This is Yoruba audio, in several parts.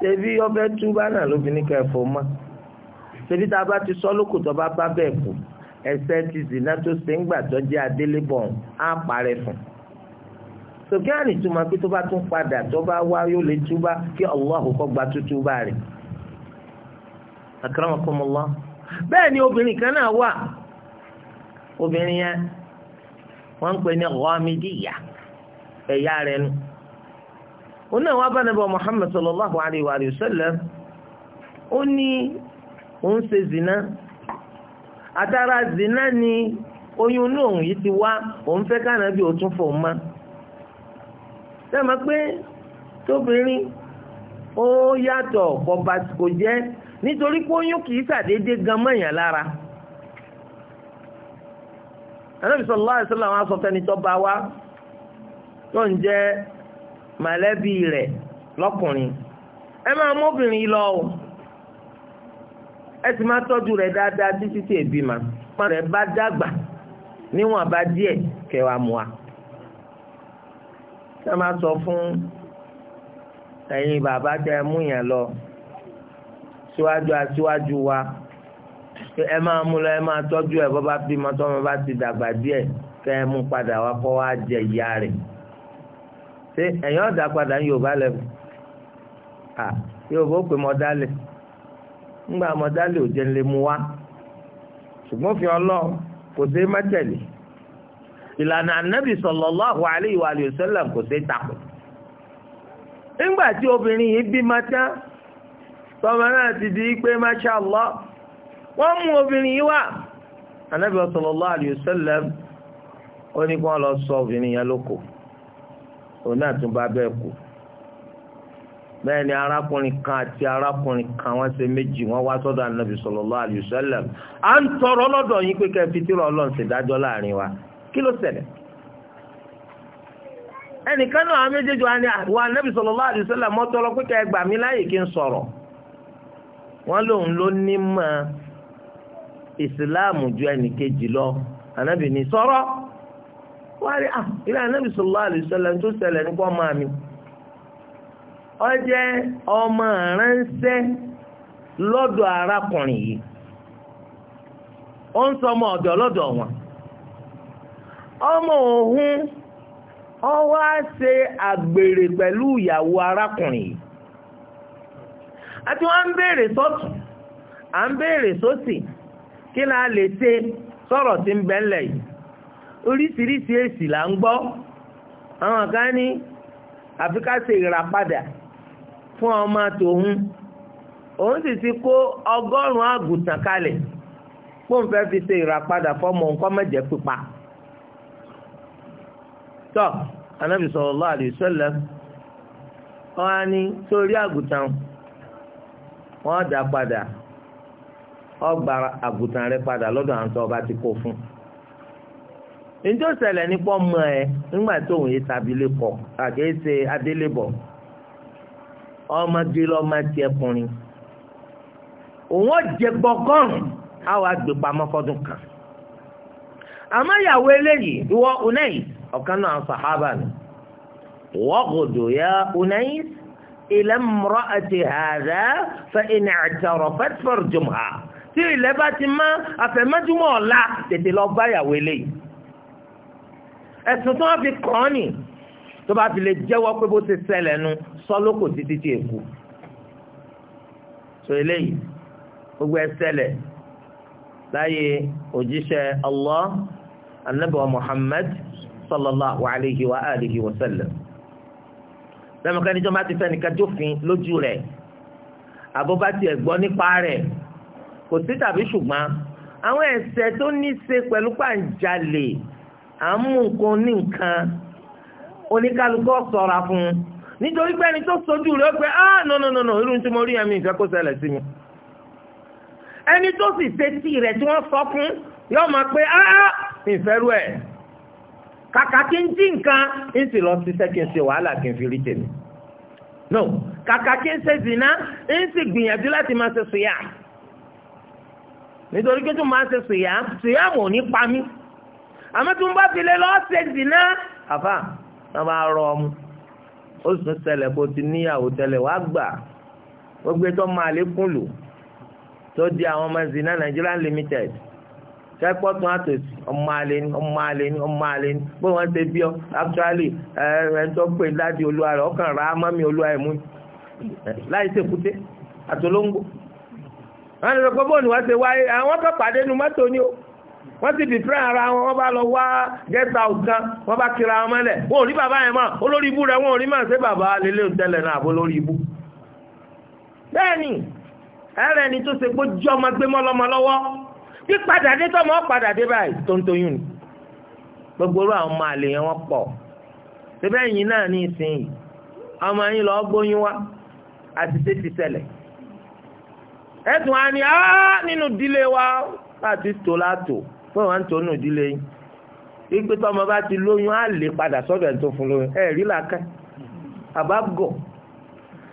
ṣebí ọbẹ̀ túbá náà ló fi ní kẹfọ́ mọ́ ṣebí tá a bá ti sọ lóko tó bá bá bẹ́ẹ̀ kù ẹsẹ̀ ti zina tó ṣe ń gbà tó jẹ́ adélébọ̀n á parẹ́ fún sòkè ànìtúmọ̀ pé tó bá tún padà tó bá wá yóò lè túbá kí Allah kó gba tútúbá rẹ̀ akramakumullah bẹ́ẹ̀ ni obìnrin kan náà wà obìnrin yẹn wọ́n ń pè ní ọ̀hánmídìyà ẹ̀yà rẹ̀ nù. ona náà wá bá nàbẹ Muhammad sallallahu alayhi wa sallam ó ní òun ṣe zina atara zina ni oyun inú òun ti wá òun fẹ́ kánà bí òtún fò má sẹ́mi pé tóbìnrin ó yàtọ̀ kọba kò jẹ́ nítorí pé oyún kìí gan mọ́yàn lara sallallahu alaihi wasallam mọ̀lẹ́bí rẹ̀ lọ́kùnrin ẹ máa mọ́bìnrin lọ o ẹ sì máa tọ́jú rẹ̀ dáadáa títí tí èbí ma ọmọ rẹ̀ bá dàgbà níwọ̀n bá díẹ̀ kẹwàá mu wa. ṣé máa sọ fún ẹ̀yin bàbá tẹ mú yàn lọ síwájú aṣíwájú wa ẹ máa mú lọ ẹ máa tọ́jú ẹ bọ́ bá bímọ tọ́mọ bá ti dàgbà díẹ̀ kẹ́ ẹ mú padà wá kọ́ wá jẹ ìyá rẹ̀. ṣé ẹ̀yin ọ̀dà padà ń Yorùbá lẹ́nu à Yorùbá ó pè mọ́dálẹ̀ ńgbà mọ́dálẹ̀ ò jẹ́ ń lè mú wá ṣùgbọ́n fi kò sí mẹ́tẹ̀lẹ̀ ìlànà ànábì sallallahu alaihi wa sallam kò sí obìnrin yìí bí mata tọmọ náà ti di pé masha Allah wọ́n mú obìnrin yìí wá ànábì ó ní kí wọ́n lọ sọ obìnrin òun náà tún bá bẹ́ẹ̀ kú bẹ́ẹ̀ ni arákùnrin kan àti arákùnrin kan wọ́n ṣe méjì wọ́n wá sọ́dọ̀ anabi sallallahu alayhi à ń tọrọ lọ́dọ̀ yín pé kẹ́ẹ́ fi tírà ọlọ́run dájọ́ láàrin wa kí ló ṣẹlẹ̀ ẹnìkan náà àwọn méjèèjì wa ni àwọn anabi sallallahu alayhi mọ́ tọrọ pé kẹ́ẹ́ gbà mí láàyè kí n sọ̀rọ̀ wọ́n lòun ló ní mọ́ ìsìláàmù ju ẹnìkejì lọ anabi ní sọ̀rọ̀ wọ́n ah! à ilé anábì sallallahu alaihi wasallam tó ṣẹlẹ̀ ní kọ́ máa mi ọ jẹ́ ọmọ ránṣẹ́ lọ́dọ̀ arákùnrin yìí ó ń sọ ọmọ ọ̀dọ̀ lọ́dọ̀ wọn ọmọ òhun ọ wá ṣe àgbèrè pẹ̀lú ìyàwó arákùnrin yìí àti wọ́n ń béèrè sọ́tún à ń béèrè sósì kí la lè ṣe sọ̀rọ̀ tí ń bẹ́ńlẹ̀ yìí oríṣiríṣi èsì là ń gbọ́ àwọn kan ní àfi ká ṣe ìràpadà fún ọmọ tòun òun sì ti kó ọgọ́rùn-ún àgùntàn kalẹ̀ kó n fẹ́ fi ṣe ìràpadà fọmọ nǹkan mẹ́jẹ̀ pípa. tọ́ anábì sallallahu alaihi wasallam wọ́n á ní sórí àgùntàn wọ́n dá padà ọgbà àgùntàn rẹ padà lọ́dọ̀ àwọn tó ọba ti kó fún un njó ṣẹlẹ̀ nípa ọmọ ẹ nígbà tó òun yé tabilé kọ àkéésè adélébọ ọmọge lọmọ tiẹ kùnrin òun ó jẹ gbọgọrùn àwọn agbèpamọ́ fọdún kan àmọ́ ìyàwó eléyìí ìwọ unai ọ̀kan náà sàhábà ni wọ́gùdù ya unai ilẹ̀ mọ̀rọ̀ àti hàdá fẹ́ ìnà àjọrọ̀ fẹ́tfọ̀rọ̀ jùmọ̀ tí ilẹ̀ bá ti mọ́ àfẹ́mẹ́júmọ́ ọ̀la tètè lọ bá ìyàwó eléyìí ẹ̀sùn tí wọ́n fi kàn án nì tó bá fi lè jẹ́wọ́ pé bó ti ṣẹlẹ̀ nu sọ́lókò títí tí èkó so eléyìí gbogbo ẹ láyé òjíṣẹ́ Allah anabi wa Muhammad sallallahu alayhi wa alihi wa sallam lẹ́mọ̀ká níjọ́ máa ti fẹ́ nìkan jófin lójú rẹ̀ àbúbá tiẹ̀ gbọ́ nípa rẹ̀ kò sí tàbí ṣùgbọ́n àwọn ẹ̀ṣẹ̀ tó ní í ṣe pẹ̀lú pàǹjalè à ń mú nǹkan ní nǹkan oníkálukọ́ sọ̀ra fún un nítorí pé ẹni tó sojú rẹ̀ pé ah no no no no irú tí mo rí ẹ̀mí ìfẹ́ kó ṣẹlẹ̀ sí mi ẹni tó sì ṣetí rẹ̀ tí wọ́n sọ fún yóò máa pé ah ìfẹ́rú ah, ẹ̀ kàkà kí n jí nǹkan ń sì lọ ṣiṣẹ́ kí n ṣe wàhálà kí n fi rí tèmi no kàkà kí n ṣe zìnà ń sì gbìyànjú láti máa ṣe sùyà nítorí pé tó máa ṣe sùyà sùyà mò ní pa mí àmọ́ tó ń bá fi lé lọ́ọ̀sẹ̀ dìná àfà wọn bá rọ ọmú ó sì ń ṣẹlẹ̀ bó ti níyàwó tẹ́lẹ̀ wàá gbà gbogbo ètò ọmọ àlékún lò tó di àwọn ọmọ zina Nigerian limited kẹ́kọ̀ọ́ tún àtòsí ọmọ àlè ni ọmọ àlè ni ọmọ àlè ni bó wọ́n ṣe bí ọ actually ẹ ẹ ń tọ́ pé láti olúwa rẹ̀ ọkàn rà á mọ́mí olúwa ẹ̀ mú láì ṣèkúté àtolóńgbò. wọ́n lè sọ pé bóun ni wọ́n ṣe wáyé àwọn kan pàdé nu mọ́tò ni o wọ́n ti dìtírà ara wọn wọ́n bá lọ wá gẹ́ta ọ̀gán wọ́n bá kira wọn mọ́lẹ̀ wọn ò rí bàbá yẹn mọ́ olórí ibú rẹ̀ wọn ò rí mọ́ sí bàbá lélẹ́ òtẹ́lẹ̀ náà àbó lórí ibú. bẹ́ẹ̀ni ẹ̀rẹ̀ ni tó ṣe pé jọ́ ọmọ gbé mọ́ lọ́mọ lọ́wọ́ bí padà dé tọ́mọ padà dé báyìí tó ń toyún ni. gbogbo orú àwọn ọmọ àlè yẹn wọ́n pọ̀ síbẹ̀ yìí náà ní ìsinyìí ọmọ yín lọ gbóyún wá àtìsé ti ṣẹlẹ̀ ẹ̀sùn wa ni nínú ìdílé wa láti pé wọn tó nù ìdílé yín wípé tọmọ bá ti lóyún á lè padà sọ́dọ̀ tó fún lóyún ẹ rí làákà àbágọ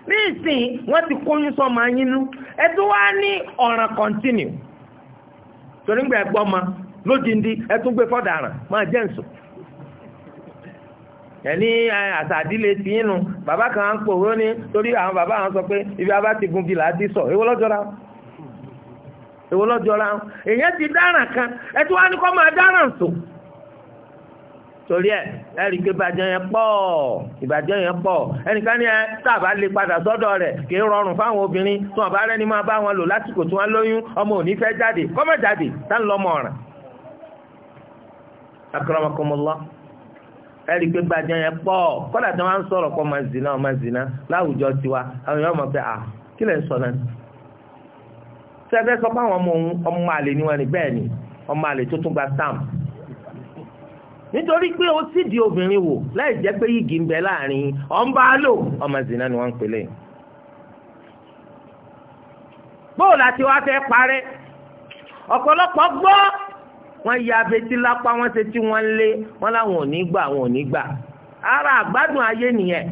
ní ìsìn wọn ti kóyún sọmọ yín nú wá ní ọ̀ràn kọ́ntínú torí gbà ma lójijì ẹ tún gbé fọ́dàràn máa jẹ́ ǹsùn ẹni àtàdílé ti inú bàbá kan á ń pòwó ní torí àwọn bàbá sọ pé ibi abá ti gun ti sọ èwo lọ́jọ́ra èyàn ti dáràn kan ẹtú wá ní kọ́ máa dáràn sùn torí ẹ ẹrí pé ìbàjẹ́ yẹn pọ̀ ìbàjẹ́ yẹn pọ̀ ẹnìkan ní ẹ sábà lè padà sọ́dọ̀ rẹ̀ kì í rọrùn fáwọn obìnrin tí wọn bá rẹ́ni máa bá wọn lò lásìkò tí wọn lóyún ọmọ òní fẹ́ jáde kọ́mọ̀ jáde tá ń lọ́mọ ọ̀ràn. akramakumullah ẹrí pé ìbàjẹ́ yẹn pọ̀ kọ́dà tí wọ́n á ń sọ̀rọ̀ pọ̀ máa zina máa zina láwùjọ tiwa àwọn èèyàn mọ̀ pé à ah, kí lè sọ náà sẹ́fẹ́ sọ fáwọn ọmọ òun ọmọ àlè ni wọn ni bẹ́ẹ̀ ni ọmọ àlè tó tún gba stamp nítorí pé ó sì di obìnrin wò láì jẹ́ pé yìgì ń bẹ láàrin ọ̀nba lò ọmọ zina ni wọ́n ń pèlè. bóò láti wá fẹ́ parẹ́ ọ̀pọ̀lọpọ̀ gbọ́ wọ́n ya abetí lápá wọ́n ṣe tí wọ́n lé wọ́n láwọn ò ní gbà àwọn ò ní gbà ara àgbádùn ayé nìyẹn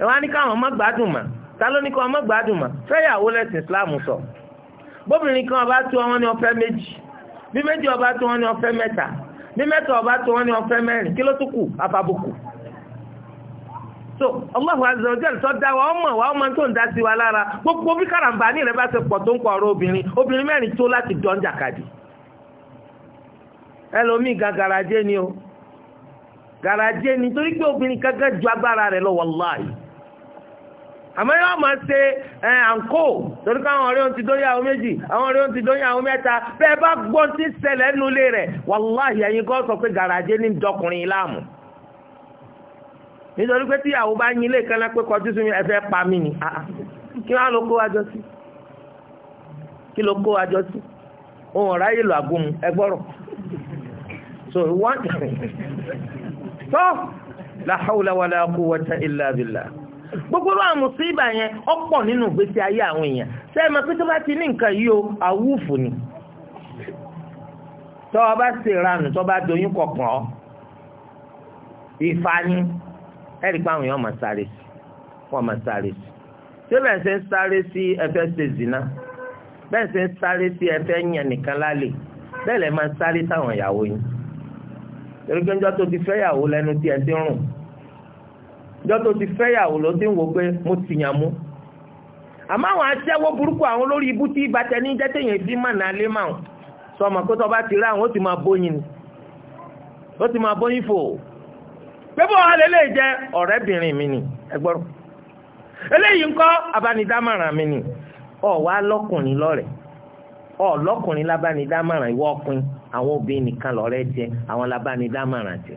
ẹ wá ní káwọn ọmọ gbádùn mà ta ló ní káwọn ọmọ gbádùn mà fẹ́yàwó lẹ́sìn Islam sọ. So bóbìnrin kan ọba tó wọn ní ọ̀fẹ́ méjì bí méjì ọba tó wọn ní ọ̀fẹ́ mẹ́ta bí mẹ́ta ọba tó wọn ní ọ̀fẹ́ mẹ́rin kí ló tún kù àfàbùkù. so Allahu azza wa jalla tó dá wa ọmọ wa ọmọ tó ń dá sí wa lára gbogbo bí karambà ní ìrẹ́ bá ṣe pọ̀ tó ń pọ̀ ọ̀rọ̀ obìnrin obìnrin mẹ́rin tó láti dán jàkadì. ẹlòmíì gan garaje ni o garaje ni torí pé obìnrin kankan ju agbára rẹ̀ lọ wàláhì àmọ́ yóò máa ṣe ẹ̀ àǹkó torí káwọn ọ̀rẹ́ òun ti dóyà àwọn méjì àwọn ọ̀rẹ́ òun ti dóyà àwọn mẹ́ta bẹ́ẹ̀ bá gbọ́n tí ṣẹlẹ̀ ń nulẹ̀ rẹ̀ wàláhì ẹ̀yin kọ́ sọ pé gàràjé ní dọkùnrin láàmú. nítorí pé tíyàwó bá yin ilé kan náà pé kọjú sí mi ẹ fẹ́ pa mí ni ah, ah. kí wọ́n á lọ kó wájọ sí kí ló kó wájọ sí òun ọ̀rá yìí lọ àgùnmu ẹ gbọ́rọ̀ so wọ́n tó la hawla wala quwwata illa gbogbo àwọn mùsíbà yẹn ọ̀pọ̀ nínú ìgbésí ayé àwọn èèyàn sẹ́yìn pé tó bá ti ní nǹkan yìí o àwùfù ni tọ́ ọ bá ṣe ranù tọ́ bá doyún kọ̀ọ̀kan ọ́ ìfani ẹ̀rí pé àwọn èèyàn máa sáré sí wọ́n máa sáré sí ṣé bẹ́ẹ̀ ṣe ń sáré sí ẹfẹ́ ṣe zìnà bẹ́ẹ̀ ṣe ń sáré sí ẹfẹ́ yẹn nìkan lálẹ́ bẹ́ẹ̀ lẹ́ máa sáré sáwọn ìyàwó yín torí tó ti fẹ́ yàwó lẹ́nu tí ẹ ti ń rùn jọ tó ti fẹ́yàwó ló ti ń wò pé mo ti yàn mú àmọ́ àwọn aṣẹ́wó burúkú àwọn olórí ibú tí ìbátẹ ní jẹ́ téèyàn fi mà náà sọ ma pé tó bá ti rí àwọn ó ti máa bóyin ni ó ti máa bóyin fò pépọ̀ wa lè lè jẹ́ ọ̀rẹ́bìnrin mi ni ẹgbọ́rọ̀ eléyìí ńkọ́ abánidámọ̀ràn mi ni ọ̀ wá lọ́kùnrin lọ́rẹ̀ẹ́ ọ̀ lọkùnrin lábánidámọ̀ràn ìwọ ọkùnrin àwọn obìnrin nìkan lọ̀rẹ́ jẹ àwọn lábánidámọ̀ràn jẹ.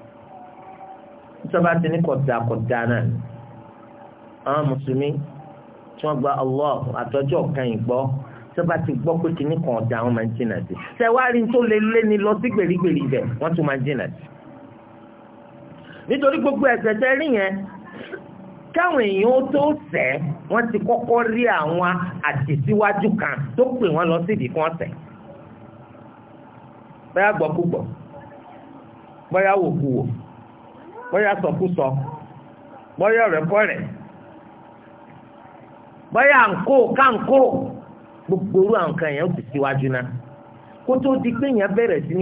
ìjọba ti ní kọ̀dà kọ̀dà náà àwọn mùsùlùmí tí wọ́n gba Allah àtọ́jú ọ̀kan ìgbọ́ tó bá ti gbọ́ pé kinní kan ọ̀dà wọn máa ń jìnà sí sẹ́wárí tó lè lé ni lọ sí gbèrígbèrí bẹ̀ wọ́n tún máa ń jìnà sí. nítorí gbogbo ẹ̀ṣẹ̀ tẹ́ rí yẹn káwọn èèyàn ó tó ṣẹ̀ wọ́n ti kọ́kọ́ rí àwọn àtẹ̀síwájú kan tó pè wọ́n lọ síbi kan ṣẹ̀. bóyá gbọ́kúgbọ̀ bóyá wòkúwò Bọya sọkúsọ bóyá ọ̀rẹ́kọ̀rẹ́ bóyá àǹkó káǹkó gbogbo orú àwọn kan yẹn ó ti síwájú náà kó tó di pé yẹn bẹ̀rẹ̀ sí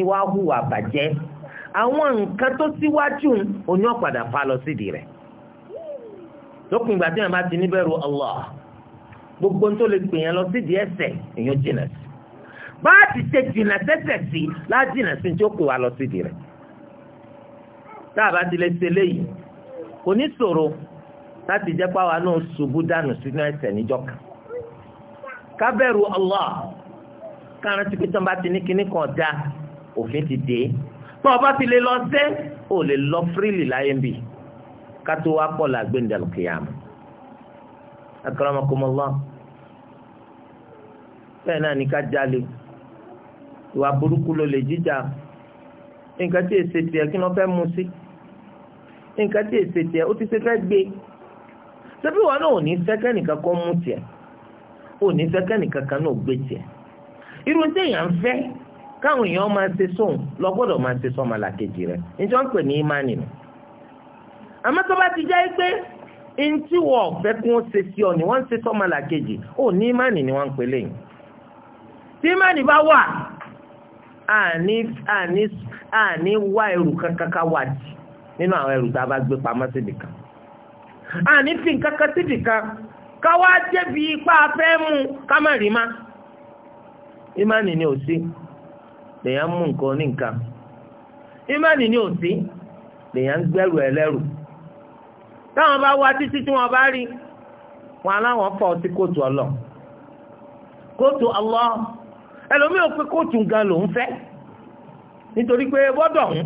àwọn nǹkan tó síwájú oní fa lọ rẹ̀ lópin ìgbà tí yẹn gbogbo tó lè pè yẹn lọ èèyàn jìnà sí bá a ti ṣe jìnà sí táàbá ti lè ṣe léyìí kò ní ṣòro láti jẹ́ pàwọ́ náà ṣubú dànù sínú ẹ̀ṣẹ̀ níjọ́ kan ká bẹ̀rù Allah káàrán tí pété bá ti ní kíní kan dá òfin ti dé tó o bá ti lè lọ sẹ́ ò lè lọ fírìlì láyé ń bì ká wá pọ̀ là gbé ǹdàlù kìyàmù akramakumullah bẹ́ẹ̀ náà ní ká jalè ìwà burúkú ló lè jíjà nǹkan tí èsì tiẹ̀ kí wọ́n fẹ́ mú sí nǹkan tí èsè tiẹ̀ ó ti ṣe fẹ́ gbé ṣebí wọn náà ò ní fẹ́kẹ́ nìkan kọ́ mú tiẹ̀ ò ní fẹ́kẹ́ nìkan kan náà gbé tiẹ̀ irú téèyàn fẹ́ káwọn èèyàn máa ṣe sóun lọ gbọ́dọ̀ máa ṣe sọ́mọ làkejì rẹ̀ níjọ́ ń pè ní ìmánì nù àmọ́ tó bá ti jẹ́ pé ntí wọ́n fẹ́ kún ó ṣe sí ọ ni wọ́n ń ṣe sọ́mọ làkejì ò ní ìmánì ni wọ́n ń pè lẹ́yìn tí ìmánì bá wà àní wá ẹrù kankan wà jì nínú àwọn ẹrù tá a bá gbé pamọ́ síbi kan àní fi nǹkan kan síbi kan káwá débi ipá fẹ́ mú ká má rí má ìmánì ni ò sí lèyàn mú nǹkan ní nǹkan ìmánì ni ò sí lèyàn ń gbẹ́rù ẹlẹ́rù táwọn bá wá títí tí wọ́n bá rí wọn aláwọn fọ sí kóòtù ọlọ kóòtù Allah ẹlòmíì ò pé kóòtù gan lòún fẹ́ nítorí pé bọ́dọ̀ ń.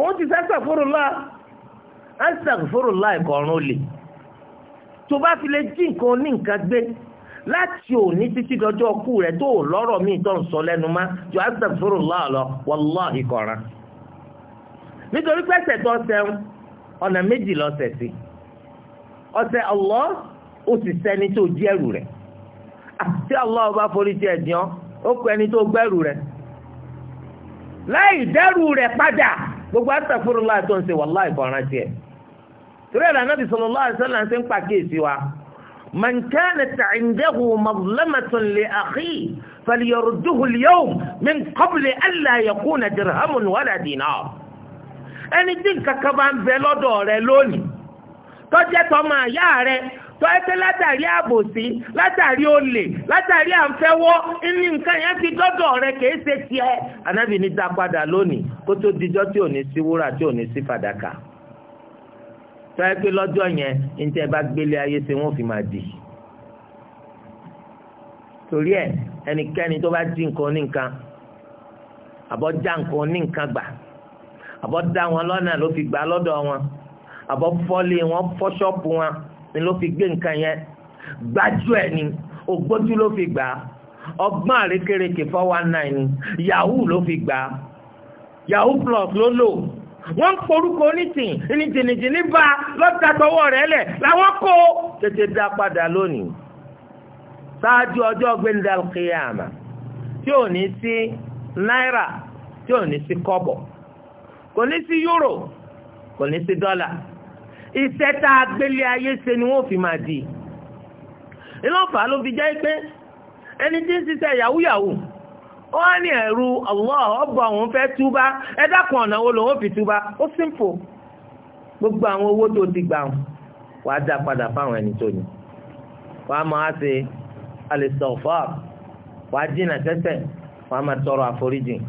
òun ti sẹ́sẹ̀ fúrúlá ẹsẹ̀ olè tó bá fi lè jí nǹkan ní nǹkan gbé láti òní títí dọjọ́ kú rẹ̀ tó lọ́rọ̀ míì tó ń sọ lẹ́nu má ju ẹsẹ̀ lọ wàláhì kọ̀ọ̀ràn nítorí pẹ́sẹ̀ tó sẹ́wọ́n ọ̀nà méjì lọ́sẹ̀ sí ọ̀sẹ̀ Allah ó sì sẹ́ni tó jí ẹrù rẹ̀ àti ah, Allah bá forí jẹ́ ẹ̀dìyàn ó kọ ẹni tó gbẹ́rù rẹ̀ láì dẹ́rù rẹ̀ padà gbogbo astaghfirullah tó ń ṣe wallahi ìkọ̀ràn tiẹ̀ torí ẹ̀rọ anábì sallallahu alaihi wasallam ń pa kéèsì wa man kanat 'indahu mazlamatun li akhihi falyarudduhu al-yawm min qabli an la yakuna dirhamun wala dinar ẹni tí nǹkan kan bá ń bẹ lọ́dọ̀ rẹ lónìí tọ́jẹ́ tọ́ máa yá rẹ tọ́ ẹ pé látàrí àbòsí látàrí olè látàrí àǹfẹ́wọ́ ní nǹkan yẹn ti dọ́dọ̀ rẹ kìí ṣe tiẹ̀ anábì ní dá padà lónìí kó tó dijọ́ tí ò ní sí wúrà tí ò ní sí fàdákà tọ́ ẹ pé lọ́jọ́ yẹn ní tẹ́ bá gbélé ayé ṣe wọ́n fi máa dì torí ẹ ẹnikẹ́ni tó bá jí nǹkan ní nǹkan àbọ̀ já nǹkan ní nǹkan gbà àbọ̀ dá wọn lọ́nà ló fi gbà lọ́dọ̀ wọn àbọ̀ fọ́lé wọn fọ́ ṣọ́ọ̀pù wọn ni ló fi gbé nǹkan yẹn gbájú ẹ̀ ni ògbójú ló fi gbà á ọgbọ́n àrékèrèké four one nine ni yahoo ló fi gbà á yahoo plus ló lò wọ́n ń porúkọ onítìn ní jìnnìjìnnì bá lọ́ta tọwọ́ rẹ̀ lẹ̀ làwọn kó tètè dá padà lónìí ṣáájú ọjọ́ gbẹ̀ndàl kìyàmà tí ò ní sí náírà tí ò ní sí kọ́bọ̀ kò ní sí yúrò kò ní sí dọ́là iṣẹ́ tá a gbélé ayé ṣe ni wọ́n fi máa di ìlọ́fà ló fi jẹ́ pé ẹni tí ń ṣiṣẹ́ yàwúyàwú ó wá ní ẹ̀rù Allah ọ̀bọ̀ òun fẹ́ túbá ẹ dákun ọ̀nà wo lòun fi túbá ó simple gbogbo àwọn owó tó ti gbà wàá dá padà fáwọn ẹni tó ní wàá máa ṣe alẹ́sọ̀fọ́ wàá jìnnà sẹ́ṣẹ̀ wàá máa tọrọ àforíjìn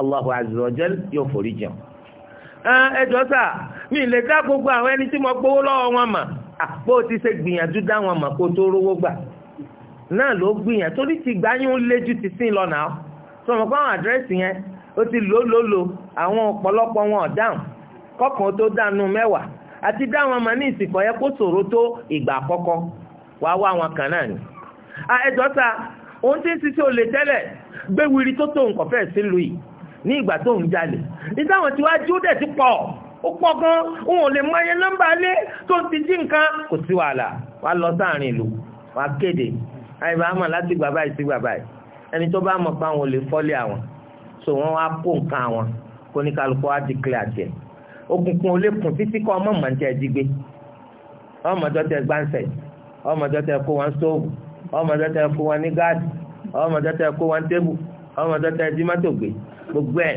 Allahu azza wa jal yóò foríjìn. ẹjọ́ mi lè dá gbogbo àwọn ẹni tí mo gbowó lọ́wọ́ wọn mà àpò ti ṣe gbìyànjú dá wọn mà kó tó gbà náà ló gbìyànjú torí ti gbáyún ti sìn lọ́nà á. sọmọ pé àwọn àdírẹ́sì yẹn ó ti lò lò lò àwọn ọ̀pọ̀lọpọ̀ wọn ọ̀dáhùn kọ́kàn tó dánú mẹ́wàá àti dá wọn mà ní yẹn kó ìtàwọn tí wá júdẹ̀ ti pọ̀ ó pọ̀ gan òun ò lè mọye nọ́mbà lé tó ti jí nǹkan kò sí wàhálà wàá lọ sáàrin ìlú wàá kéde àyìnbá àmọ̀ láti gbà báyìí sí gbà báyìí ẹni tó bá mọ̀ pé àwọn ò lè fọ́lé àwọn so wọ́n wá kó nǹkan àwọn kó ní kálukú wá di kílẹ̀ àjẹ́ òkùnkùn olékùn títí kọ́ ọmọ mọ̀ ní ẹ̀jí gbé ọmọdé tẹ gbáǹsẹ̀ ọmọdé tẹ kó wọn stóòbù ọmọdé tẹ kó wọn ní gáàdì ọmọdé tẹ kó wọn tébù ọmọ tọ́tà ẹtí mọ́tò gbé gbogbo ẹ̀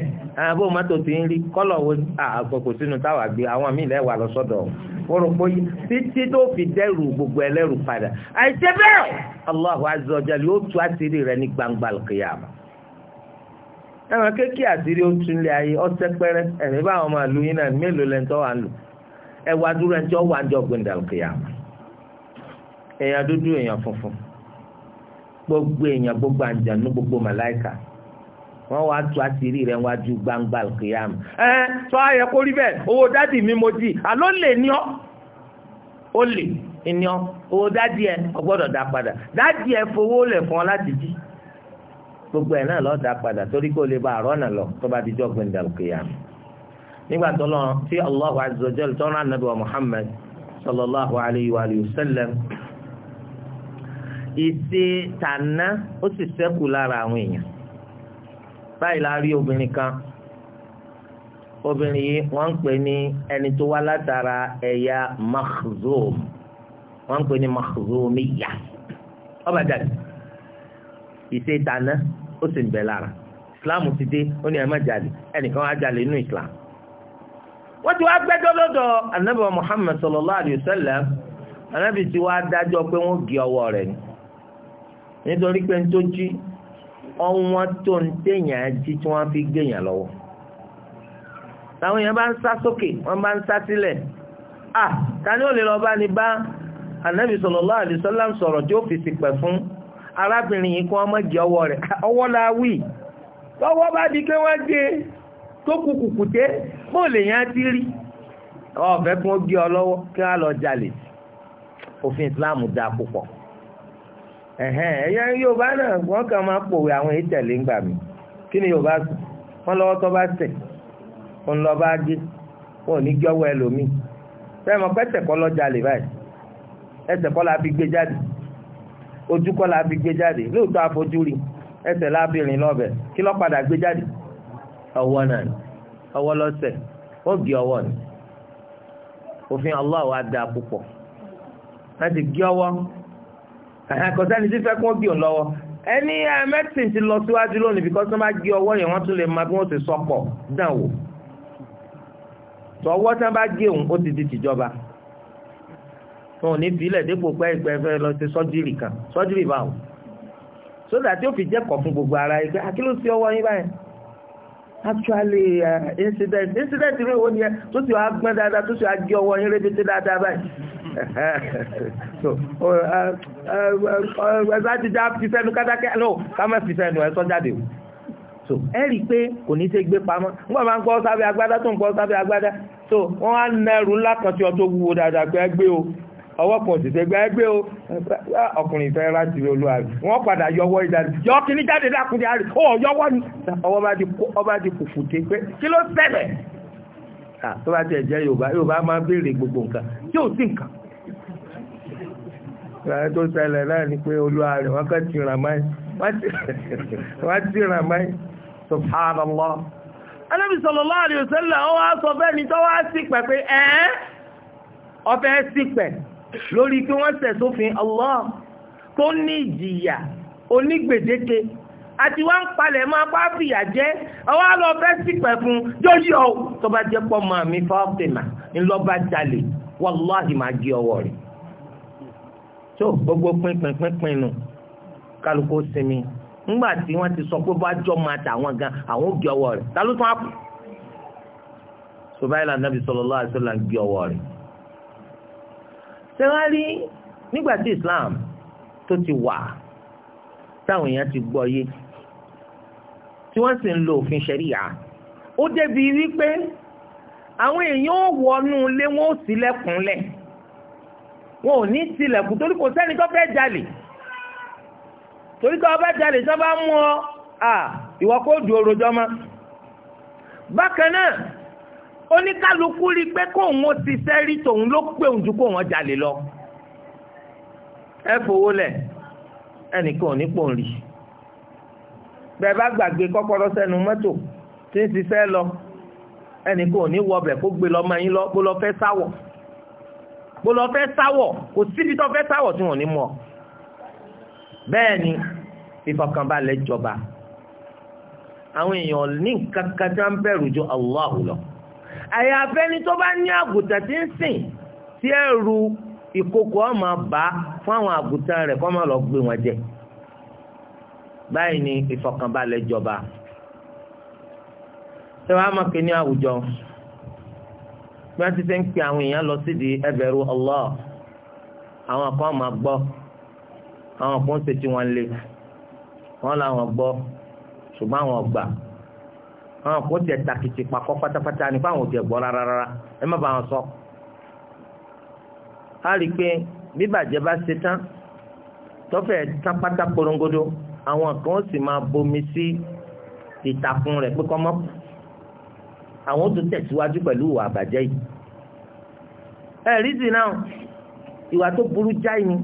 àbó mọ́tò ti ń rí kọ́lọ̀ wo àkókò sínú táwa gbé àwọn míì lẹ́wà lọ sọ́dọ̀ orúkọ yìí títí tó fi dẹ́rù gbogbo ẹlẹ́rù padà àìṣe bẹ́ẹ̀ Allahu azza ó tú àṣírí rẹ ní gbangba kìyàmù ẹ̀rọ kékeré ó tún lé ayé máa lu yín náà mélòó wà wà ń jọ kìyàmù èèyàn dúdú èèyàn funfun gbogbo èèyàn gbogbo àǹjànú gbogbo màláìka wọ́n wá tu àṣírí rẹ̀ wájú gbangba kìyàm ẹ sọ ayẹ kó rí bẹ́ẹ̀ owó dádì mi mo jì àló lè ní ọ́ ó lè ní ọ́ owó dádì ẹ ọgbọ́dọ̀ dá padà dádì ẹ fowó lẹ̀ fún ọ láti jí gbogbo ẹ̀ náà lọ́ọ́ dá padà torí kó lè bá àrọ́ náà lọ tó bá ti jọ́ gbẹ̀ndà kìyàm nígbà tó lọ sí Allahu azza wa jalla tó sallallahu alayhi wa sallam ìṣe tàná ó sì sẹ́kù lára àwọn èèyàn báyìí la rí obìnrin kan obìnrin yìí wọ́n ń pè ní ẹni tó wá látara ẹ̀yà Makhzum wọ́n ń pè ní Makhzumiya ọba dàbí ìṣe ìtànà ó sì ń bẹ lára Islam ti dé ó ní ẹ má ẹnìkan wá jalè nínú Islam wọ́n ti wá gbẹ́jọ́ lọ́dọ̀ anabi Muhammad sallallahu alayhi wa sallam anabi ti wá dájọ́ pé wọ́n gé ọwọ́ rẹ̀ ni nítorí pé ń tó jí ọwọ́n tó ń téèyàn jí tí wọ́n fi gbèyàn lọ́wọ́ táwọn èèyàn bá ń sá sókè wọ́n bá ń sá sílẹ̀ à tani ó lè lọ bá ní bá ànábì sallallahu alaihi wasallam sọ̀rọ̀ tí ó fi ṣìpẹ̀ fún arábìnrin yìí kí wọ́n mọ̀ jẹ ọwọ́ rẹ̀ ọwọ́ la wí tọwọ́ bá di pé wọ́n gé tó kù kùkùté bó lè yàn ti rí ọ̀fẹ́ kí wọ́n gé ọ lọ́wọ́ kí wọ́n lọ jalè òfin Islam dáa púpọ̀. ẹ̀hẹ́n ẹ̀yà yorùbá náà wọ́n kàn máa pòwe àwọn èyí ńgbà mi kí ni yorùbá sùn wọ́n lọ́wọ́ tó bá wọ́n lọ́ bá dé wọ́n ò ní gbọ́wọ́ ẹlòmíì fẹ́ẹ́ pẹ́sẹ̀ kọ́ lọ́jà lè báyìí ẹsẹ̀ la fi gbé jáde ojú la fi gbé jáde lóòótọ́ afojú rí ẹsẹ̀ lábìrin lọ́bẹ̀ kí lọ́ jáde ọwọ́ náà ọwọ́ ọwọ́ ni òfin kọ̀sẹ́ni tí fẹ́ kún bí òun lọ́wọ́ ẹni eh, mẹ́tìn ti lọ síwájú lónìí bíkọ́ tó bá gé ọwọ́ yẹn wọ́n tún lè máa bí wọ́n ti sọkọ̀ dàn wò tọwọ́ tí wọ́n bá gé òun ó ti di tìjọba wọn ò ní filẹ̀ dípò pé ìpẹ́ fẹ́ lọ sí sọ́jírì kan sọ́jírì báwọn sódà tí ó fi jẹ́kọ̀ọ́ fún gbogbo ara yìí pé àkíló ah, sí ọwọ́ yín báyìí actually uh, incident incident mi wo ni ẹ tó sì wá gbọ́n dáadáa tó sì wá jẹ́ ọwọ́ yín rébété dáadáa báyìí so uh, uh, uh, ẹ̀sán ti já fi sẹ́nu kátákẹ́ no ká má fi sẹ́nu ẹ̀sán jáde o so ẹ rí i pé kò ní í ṣe gbé pamọ́ nígbà máa ń kọ́ sábẹ́ agbádá tó ń kọ́ sábẹ́ agbádá so wọ́n á nẹrù ńlá kan tí ọ tó wúwo dáadáa pé ẹ gbé o ọwọ́ kan òṣìṣẹ́ gba ẹgbẹ́ o ọkùnrin ìfẹ́ láti rí olúwa rẹ̀ wọ́n padà yọwọ́ ìdájú yọ kí ní jáde lákùnrin àárẹ̀ ó yọwọ́ ni ọwọ́ bá di kùkù tẹ pé kí ló ṣẹlẹ̀ tó bá tiẹ̀ jẹ́ yorùbá yorùbá máa ń béèrè gbogbo nǹkan tí ò sí nǹkan ìrànlẹ́ tó ṣẹlẹ̀ náà ni pé olúwa rẹ̀ wọ́n kàn ti ràn máì wọ́n ti ràn máì subhanallah alábi sọlọ́lá àdìọ́sẹ́lẹ̀ ó wá sọ bẹ́ẹ̀ ni tó wá sí pẹ̀ pé ẹ́ ọ lórí pé wọ́n ṣẹ̀ sófin Allah tó ní ìjìyà onígbèdéke àti wọ́n ń palẹ̀ máa bá fìyà jẹ ọwọ́ lọ fẹ́ sípẹ̀ fún yóyọ tó bá jẹ́ pọ̀ mọ́ mi Fátímà ńlọ́ba jalè wàláhì máa gé ọwọ́ rẹ̀ tó gbogbo pínpínpínpín nù kálukú sinmi ńgbà tí wọ́n ti sọ pé bá jọ máa tà wọ́n gan àwọn ò gé ọwọ́ rẹ̀ ta ló tún sọ báyìí lànà bí sallallahu alaihi wasallam gé ọwọ́ rẹ̀ ṣé wá rí nígbà tí Islam tó ti wà táwọn èèyàn ti gbọ́ yé tí wọ́n sì ń lo òfin ṣẹ̀ríyà ó débi wípé àwọn èèyàn ò wọnú ilé wọn ò sílẹ̀kùnlẹ̀ wọn ò ní tilẹ̀kùn torí kò sẹ́ni tó fẹ́ jalè torí tó bá jalè tó bá mú ọ ìwọ kó ju orojọ́ mọ́ bákan náà oníkálukú rí i pé kóun ó ṣiṣẹ́ rí tòun ló pé òun ju kóun ọjà lè lọ ẹ fowó lẹ̀ ẹnìkan ò ní pò ń rí bẹ́ẹ̀ bá gbàgbé kọ́kọ́rọ́ sẹ́nu mọ́tò tí ń ṣiṣẹ́ lọ ẹnìkan ò ní wọ ọbẹ̀ kó gbé lọ́mọ yín lọ kó lọ fẹ́ sáwọ̀ kó lọ fẹ́ sáwọ̀ kò síbi tó fẹ́ sáwọ̀ tí wọ́n ní mọ̀ bẹ́ẹ̀ ni ìfọkànbalẹ̀ jọba àwọn èèyàn ní nǹkan kan tí wọ́n ń bẹ̀rù ju Allahu lọ àyàfẹ́ni tó bá ní àgùntàn tí ń sìn tí ẹ̀rù ìkòkò ọmọ bá fún àwọn àgùntàn rẹ̀ kọ́ máa lọ gbé wọn jẹ báyìí ni ìfọ̀kànbalẹ̀ jọba ṣé wàá máa ní àwùjọ bí wọ́n ti fẹ́ ń pe àwọn èèyàn lọ sídìí ẹbẹ̀rù Allah àwọn kan máa gbọ́ àwọn kan ṣe tí wọ́n lé wọ́n làwọn gbọ́ ṣùgbọ́n àwọn gbà àwọn kò tẹ̀ takìtì pakọ́ pátápátá nípa àwọn òtẹ̀ gbọ́ rárá ẹ má bàa sọ. a rí i pé bíbàjẹ́ bá ṣe tán tọ́fẹ̀ tán pátá porongodo àwọn kan sì máa bomi sí ìtàkùn rẹ̀ pé kọ́mọ́ àwọn tó tẹ̀síwájú pẹ̀lú ìwà àbàjẹ́ yìí. ẹ̀rí zina ìwà tó burú jáì ni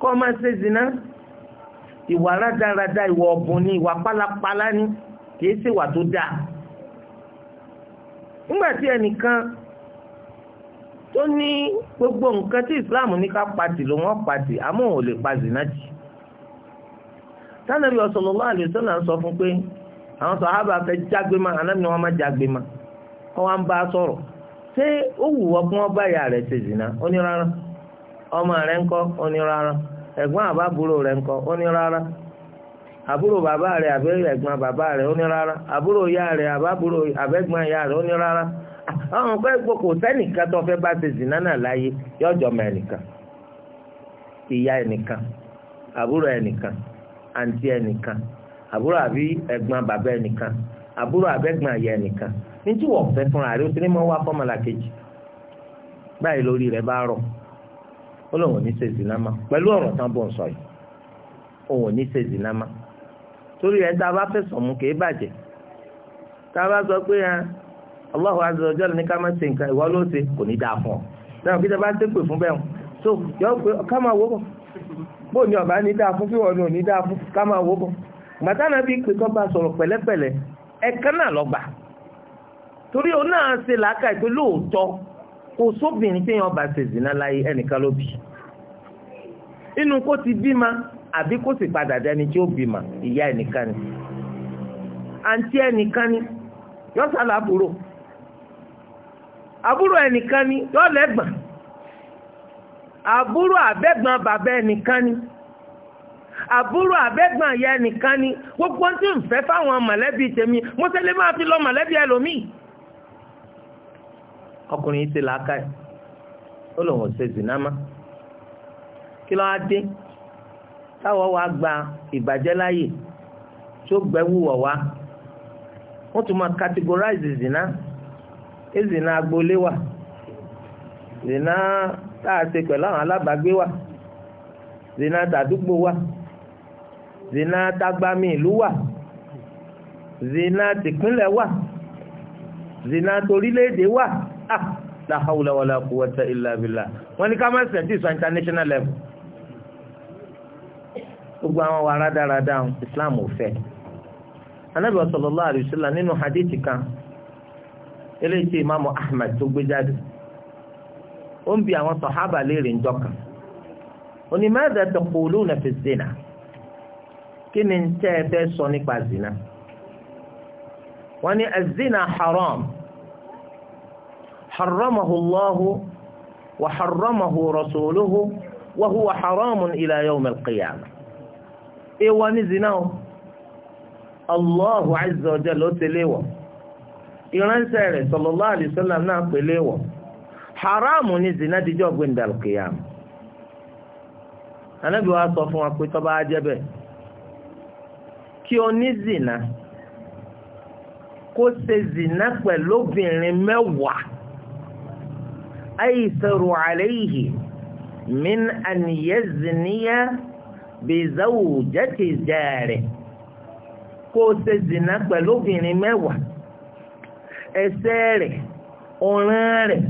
kọ́ máa ṣe zina ìwà rádaràda ìwà ọ̀bùn ni ìwà pálapàla ni. kìí ṣe wà tó dáa nígbàtí ẹnìkan tó ní gbogbo nǹkan Islam ní ká pati ló wọ́n pati àmọ́ ò lè pa zinati tánàbí sọ fún pé àwọn fẹ́ ma ni wọ́n má ma kọ́ ń bá a sọ̀rọ̀ ṣé ó wù wọ́n kí wọ́n bá ìyá rẹ̀ ṣe zina ní ọmọ rẹ̀ ńkọ́ ẹ̀gbọ́n àbábúrò rẹ̀ ńkọ́ àbúrò bàbá rẹ̀ àbẹ́ ẹ̀gbọ́n bàbá rẹ̀ ó ní rárá àbúrò ìyá rẹ̀ àbábúrò àbẹ́gbọ́n ìyá rẹ̀ ó ní rárá àwọn ọ̀pẹ́ gbogbo sẹ́nìkan tó fẹ́ bá ti zìnà náà láyé yọjọ́ mọ ẹnìkan ìyá ẹnìkan àbúrò ẹnìkan àǹtí ẹnìkan àbúrò àbí ẹ̀gbọ́n bàbá ẹnìkan àbúrò àbẹ́gbọ́n ìyá ẹnìkan nítorí wọ́n fẹ́ fúnra rẹ̀ ó ti ní mọ́ wá fọ́mọlà kejì báyìí lórí rẹ̀ bá rọ̀ ó lóun ò ní ṣe zìnà mọ́ pẹ̀lú ọ̀rọ̀ tán bó torí ẹ̀ tá a bá fẹ̀sọ̀ mú kì sọ pé ẹ ah, Allahu azza ní ká má ṣe nǹkan ìwọ ló ṣe kò ní dáa fún ọ náà kí bá fún bẹ́ẹ̀ so yọ pé ká máa wó bọ̀ bó ni ọ̀bá ní dáa fún dáa fún ká máa wó bọ̀ pé kọ́ bá sọ̀rọ̀ pẹ̀lẹ́pẹ̀lẹ́ torí náà ṣe làákà lóòótọ́ kò sóbìnrin àbí kó sì padà dẹni tí ó bímọ ìyá ẹnìkan ni àǹtí ẹnìkan ni yọ́sàlá àbúrò àbúrò ẹnìkan ni yọ́lẹ́gbọ̀n àbúrò àbẹ́gbọ̀n bàbá ẹnìkan ni àbúrò àbẹ́gbọ̀n ìyá ẹnìkan ni gbogbo tí ń fẹ́ fáwọn mọ̀lẹ́bí tèmi mo tẹ́lẹ̀ máa fi lọ mọ̀lẹ́bí ẹlòmíì ọkùnrin yìí ti làákàyè ó lòun ṣe zìnnámá kí ló á dé táwọn wa gba ìbàjẹ́ láàyè tí ó gbẹ́wù wọ̀ wá wọ́n tún máa categorize zina e zina agboolé wa zina tá a ṣe pẹ̀lú àwọn alábàágbé wa zina tàdúgbò wa zina tagbami ìlú wa zina tìpínlẹ̀ wa zina torílẹ̀-èdè wa ah la hawla wala quwwata illa billah wọ́n ní ká má sẹ̀ tí sọ international level gbogbo àwọn wa rádaràda islam ò fẹ́ anabi sallallahu alaihi wasallam nínú hadithi kan eléyìí tí imaamu ahmed tó gbé jáde ó ń bi àwọn sọ̀hábà léèrè ń jọkàn ó ní madha taquluna fi zina kí ni tẹ́ ẹ fẹ́ sọ nípa zina wọ́n ní az haram haramahu allahu wa haramahu rasuluhu wa huwa haramun ila yawm Ewa ní zina o Allahu azza wa jalla ló ti léèwọ̀ ìránṣẹ́ rẹ̀ sallallahu alaihi wasallam náà pè léèwọ̀ haramu ní zina díjọ́ gbẹ̀ndàl kìyàm anábì wa sọ fún wa pé tọ́ba ajẹ́bẹ̀ kí o ní zina kó ṣe zina pẹ̀lú obìnrin mẹ́wàá aysaru alayhi min an ziniya bizawjati jari kó o ṣe zina pẹ̀lú obìnrin mẹ́wàá ẹsẹ̀ rẹ̀ ọ̀ràn rẹ̀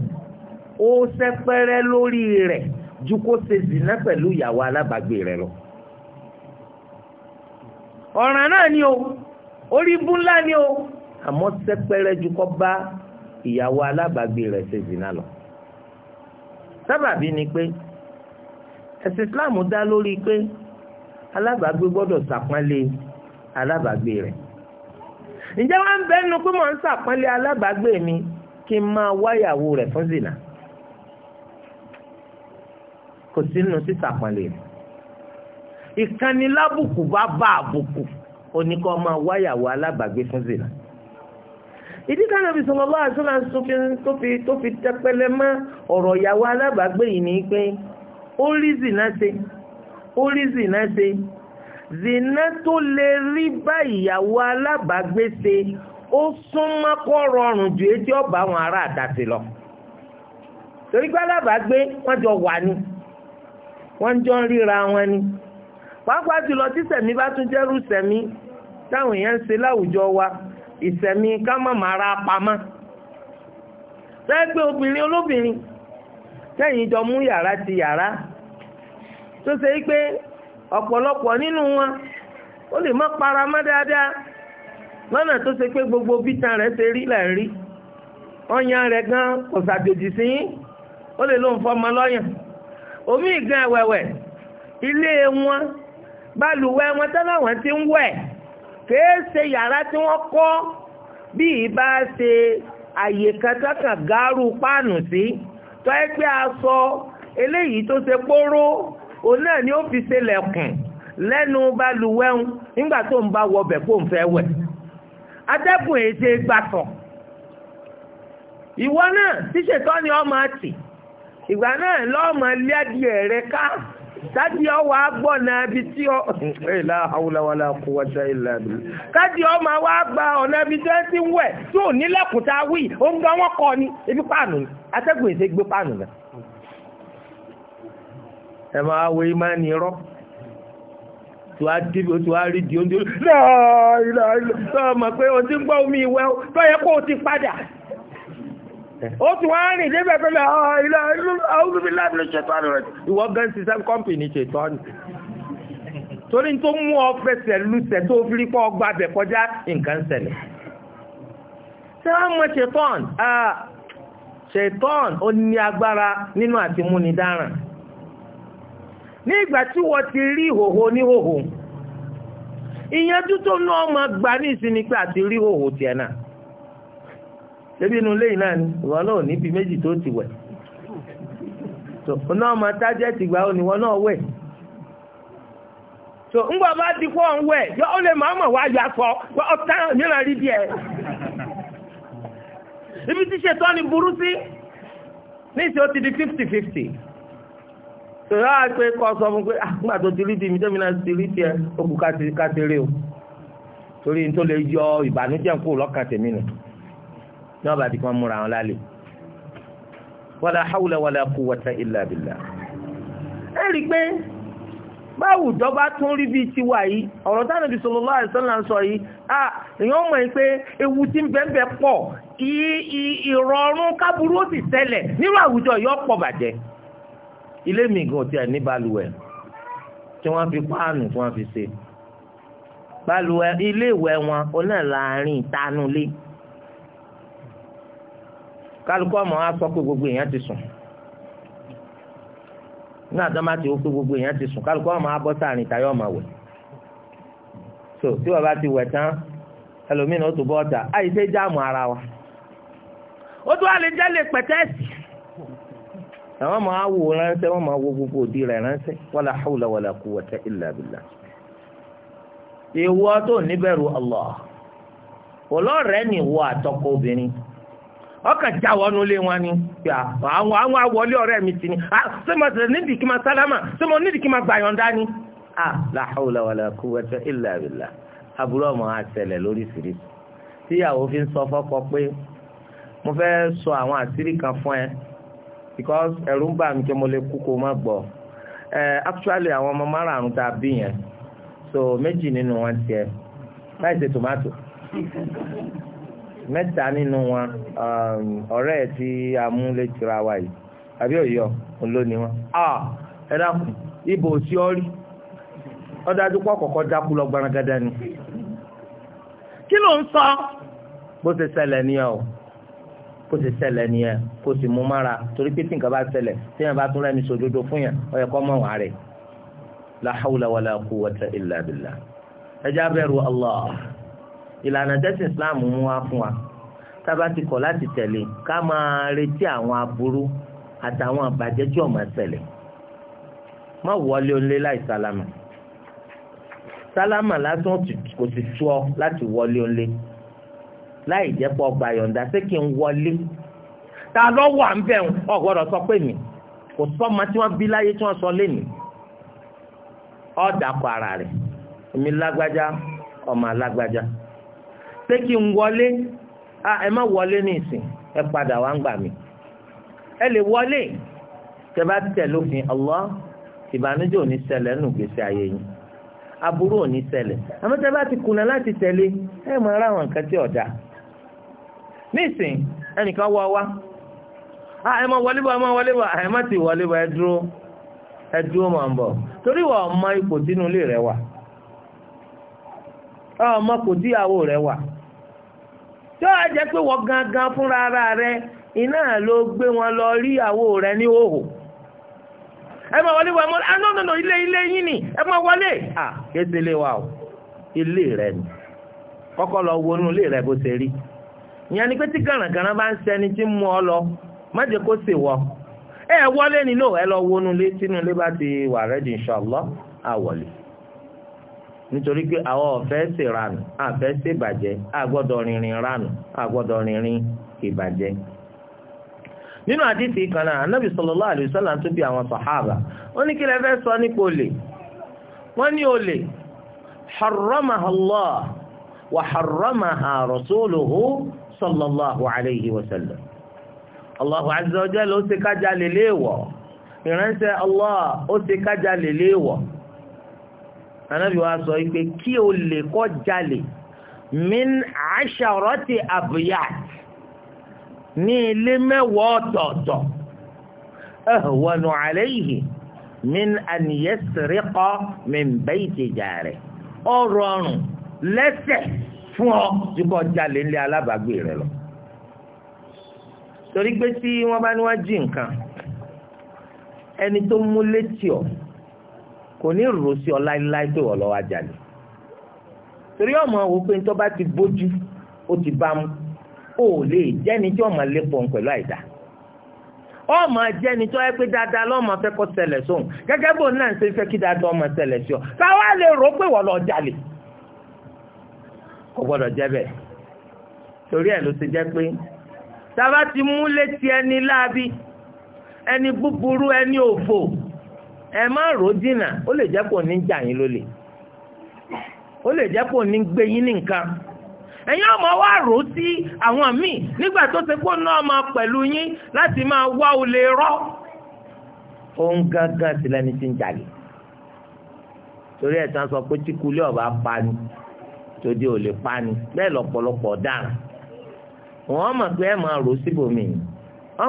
ó sẹ́pẹ́rẹ́ lórí rẹ̀ ju kó ṣe zina pẹ̀lú ìyàwó alábàgbé rẹ̀ lọ. ọ̀ràn náà ni o orí ńlá ni o àmọ́ sẹ́pẹ́rẹ́ ju kọ́ bá ìyàwó alábàgbé rẹ̀ ṣe zina lọ. sábàbí ni pé ẹ̀sìn Islam dá lórí pé alábàágbé gbọ́dọ̀ ṣàpọ́nlé alábàágbé rẹ̀ ǹjẹ́ wọ́n ń bẹ́ nínú pé mò ń ṣàpọ́nlé alábàágbé mi kí n máa wáyàwó rẹ̀ fún zina kò sí nínú sísàpọ́nlé rẹ̀ ìkanilábùkù bá bá àbùkù oníkọ́ máa wáyàwó alábàágbé fún zina ìdí kan nàbì sallallahu alaihi wasallam tó fi tó fi tẹpẹlẹ mọ́ ọ̀rọ̀ ìyàwó alábàágbé yìí ni pé ó rí zina ṣe ó rí zìnà ṣe zìnà tó lè rí bá ìyàwó alábàágbé ṣe ó súnmọ́ kó rọrùn ju etí ọba àwọn ará àdàsí lọ torí pé alábàágbé wọ́n jọ wà ní wọ́n jọ ń ríra wọn ni pàápàá jùlọ tí sẹ̀mí bá tún jẹ́rú sẹ̀mí táwọn èèyàn ń ṣe láwùjọ wa ìsẹ̀mí ká má má ra pamọ́ sẹ́gbẹ́ obìnrin olóbìnrin sẹ́yìn jọ mú yàrá ti yàrá tó ṣe é pé ọ̀pọ̀lọpọ̀ nínú wọn ó lè má para mọ́ dáadáa lọ́nà tó ṣe pé gbogbo bítan rẹ̀ ṣe rí là ń rí ọyàn rẹ̀ gan kò ṣàjòjì sí ó lè lóun fọmọ lọ́yàn omi ìgan ẹ̀wẹ̀wẹ̀ ilé wọn balùwẹ̀ wọn tẹ́lẹ̀ wọn ti ń wẹ̀ kèé ṣe yàrá tí wọ́n kọ́ bí ìbá ṣe àyè kẹtàkàn gáárù páànù sí tọ́ ẹ pé aṣọ eléyìí tó ṣe póró òun náà ni ó fi ṣe lẹ̀kùn lẹ́nu balùwẹ̀hún nígbà tó ń bá wọbẹ̀ kó ń fẹ́ wẹ̀ atẹ́kùn èsè gbàtọ̀ ìwọ náà tíṣetọ́ ni ọmọ àtì ìgbà náà lọ́ọ̀mọ lẹ́dìẹ̀ rẹ ká káàdì ọwọ́ agbọ́ náà bí tí ọ ìlà àwùláwàlá kò wájà ìlà bí káàdì ọmọ wa gba ọ̀nà ibi tí wọ́n ti ń wẹ̀ tí ò nílẹ̀kùn tá a wí ó gbọ́ wọn kọ ni ebi páànù atẹ́gùn èsè gbé páànù náà ẹ máa wo ìmánì rọ́ tí wàá débi o tí wàá rí di oúnjẹ lọ́ọ̀ọ́ mọ̀ pé o ti ń gbọ́ omi ìwẹ́ tó yẹ kó o ti padà ó ti wá rìn débẹ̀ pẹ̀lú ilé àwùjọbí láti lè ṣètò àrùn rẹ̀ ìwọ gan ṣiṣẹ́ kọ́mpìnì ṣètò ọ̀nì torí tó mú ọ fẹsẹ̀ lùsẹ̀ tó fi rí pọ̀ ọgbà bẹ̀ kọjá nǹkan ṣẹlẹ̀ ṣé wọ́n mọ ṣètọ́n ah, ṣètọ́n ó ní agbára nínú àti nígbà tí wọ́n ti rí ìhòhò oníhòhò ìyẹnjú tó náà máa gbà ní ìsinmi pé àti rí ìhòhò tiẹ̀ náà ṣébí inú lẹ́yìn náà ni ìwọ náà níbi méjì tó ti wẹ̀ tó náà máa tájẹ́ ti gbà ó ní wọ́n náà wẹ̀ tó bá ti wẹ̀ yọ ó lè máa mọ̀ wá yọ akọ ibi tí ṣètọ́ ni burú sí ní ìṣe ó ìrọ̀ àgbè kọ́ sọ fún pé àgbà ah, tó ti rí ti mi tẹ́mi náà ti rí tiẹ̀ ó kù ká ti rí o torí n tó lè yọ ìbànújẹ́ kó lọ́kàn tèmi nù ní ọba àti kan múra wọn lálẹ́ wala hawla wala quwwata illa billah. ẹ rí i pé báwo ìjọba tún rí bíi tiwa yìí ọ̀rọ̀ táwọn ibi sallallahu alaihi wasallam sọ yìí à èèyàn mọ̀ pé ewu tí ń bẹ́ẹ̀ pọ̀ ìrọ̀rùn kábúrú ó sì tẹ̀lẹ̀ nírú àwùjọ yìí ọ̀pọ̀ bàjẹ́ ilé mi gan ọtí ẹ̀ ní balùwẹ̀ tí wọ́n fi páànù tí wọ́n fi ṣe balùwẹ̀ ilé ìwẹ̀ wọn oná láàrin ìtanulé kálukọ́ ọmọ wa sọ pé gbogbo èèyàn ti sùn ní àtọ́má ti wọ́n pé gbogbo èèyàn ti sùn kálukọ́ ọmọ wa bọ́ sáàrin ìtayọ́ ọmọ wẹ̀ so tí wọ́n bá ti wẹ̀ tán ẹlòmíràn ó tó bọ́ ọ̀tà àyíṣe jáàmù ara wa ó tún wà lè lè pẹ̀tẹ́sì. àwọn máa wò ránṣẹ́ wọ́n máa wo gbogbo rẹ̀ ránṣẹ́ wala hawla wala quwwata illa billah. ìwọ tó níbẹ̀rù Allah ọlọ́ọ̀rẹ́ ni ìwọ àtọkọ obìnrin ọkàn já wọnú ilé wọn ni àwọn àwọn àwọlé mi ti ni ṣé mo tẹ̀lé nídìí kí máa sálámà ṣé mo máa gbàyànjá ni. la hawla wala quwwata ọmọ because ẹ̀rù ń bà mí kí mo lè kú kó má gbọ́ ẹ actually àwọn ọmọ márààrún tá a bí yẹn so méjì nínú wọn tiẹ̀ láì tomato. tòmátò mẹ́ta nínú wọn um, ọ̀rẹ́ ẹ̀ tí a mú lè tura wa yìí àbí òye ọ̀ ló ní wọn ah, ẹ dákun ibo sí ọ rí ọ dájú pọ̀ kọ̀kọ́ dákú lọ gbaragada ni kí ló ń sọ bó ṣe ṣẹlẹ̀ ní ọ kó ti ṣẹlẹ̀ nìyẹn kó sì mú mára torí pé tí nǹkan bá ṣẹlẹ̀ tí yẹn bá tún rẹ́ni sòdodo fún yẹn ó yẹ kó mọ̀ wá rẹ̀ la hawla wala quwwata illa billah ẹ jẹ́ bẹ̀rù Allah ìlànà tẹ́sìn Islam mú wá fún wa tába ti kọ̀ láti tẹ̀lé ká máa retí àwọn aburú àtàwọn àbàjẹ́ tí ó máa ṣẹlẹ̀ má wọlé onílé láì sálámà sálámà lásán kò sì tú ọ láti wọlé onílé. láì jẹ́ pọ̀ gba yọ̀ǹda ṣé kí n wọlé ta lọ wà ń bẹ̀ ọ̀gbọ́dọ̀ sọ pé mi kò tí wọ́n bí láyé tí wọ́n sọ lé mi ọ̀dàpọ̀ ara rẹ̀ èmi lágbájá ọmọ alágbájá ṣé kí n wọlé ẹ má wọlé ní ìsìn ẹ padà wá ń gbà mí ẹ lè wọlé tẹ bá tẹ̀ lófin Allah ìbànújẹ́ ò ní nù gbèsè ayé yín aburú ò ní ṣẹlẹ̀ tẹ bá ti kùnà láti ẹ máa ra àwọn nǹkan tí ọ̀dà nísìn ẹnìkan wá wá ẹ má wọlé bá ẹ ti wọlé bá ẹ dúró ń bọ̀ torí wà ọmọ ipò tínú ilé rẹ ọmọ kò díyàwó rẹ wà tó a pé gangan fúnra ara rẹ iná ló gbé wọn lọ rí ìyàwó rẹ ní òhò ẹ máa wọlé ah, no ile ilé ẹ wọlé ah kéde wa o ilé rẹ ni kọ́kọ́ lọ wo inú ilé rẹ bó ṣe ìyẹn ni pé tí gàràngàrà bá ń sẹni tí ń mú ọ lọ má jẹ́ kó sì wọ ẹ wọlé nílò ẹ lọ wọnú lé tínú lé bá ti wà rẹ́dì inshallah àwọ̀lé nítorí pé àwọn ọ̀fẹ́ sì ranù àfẹ́ sì bàjẹ́ àgbọ́dọ̀ rìnrìn ranù àgbọ́dọ̀ rìnrìn ìbàjẹ́ nínú àdìsí kan náà anábì sallallahu alaihi wasallam tó bí àwọn sàhábà ó ní kí lẹ fẹ́ sọ nípa olè wọ́n ní olè harramaha Allah wa harramaha rasuluhu sallallahu alayhi wa sallam Allahu azza wa jalla ó ṣe kájà lélé wọ̀ ìránṣẹ́ Allah ó ṣe kájà lélé wọ̀ anábì wa sọ pé kí o lè kọ́ jalè min asharati abiyat ní ilé mẹ́wàá ọ̀tọ̀ọ̀tọ̀ ahwanu alayhi min an yasriqa min bayti jarihi ọ̀rọ̀ ọ̀rùn lẹ́sẹ̀ fún ọ ju kọ́ jalè ńlẹ̀ alábàágbé rẹ lọ. torí pé tí wọ́n bá ní wá jí nǹkan ẹni tó mú létí ọ kò ní rò sí ọ láéláé pé wọ́n lọ wá jalè. torí ọmọ wo pé tó bá ti bójú ó ti bá mú ó lè jẹ́ni tí ọmọ lè pọ̀ pẹ̀lú àìdá ọmọ jẹni tó yẹ pé dáadáa lọ́mọ fẹ́ kó ṣẹlẹ̀ sóhun gẹ́gẹ́ bó náà ṣe fẹ́ kí dáadáa ọmọ ṣẹlẹ̀ sí ọ táwa lè rò pé wọ́n lọ jalè. kò gbọ́dọ̀ jẹ́ torí ẹ̀ ló ti jẹ́ pé ti mú létí ẹni láabi ẹni búburú ẹni òfò ẹ má rò jìnnà ó lè jẹ́ kó ní jà yín lólè ó lè jẹ́ kó ní gbé yín ní nǹkan ẹ̀yin ọmọ wa rò sí àwọn míì nígbà tó ṣe kó náà máa pẹ̀lú yín láti máa wá olè rọ́ òun gángan ń torí ẹ̀ sọ pé tíkulé ọba pa ni. tòde ò lè pani bẹ́ẹ̀ lọ́pọ̀lọpọ̀ dára wọ́n mọ̀ pé máa rò síbòmí ọ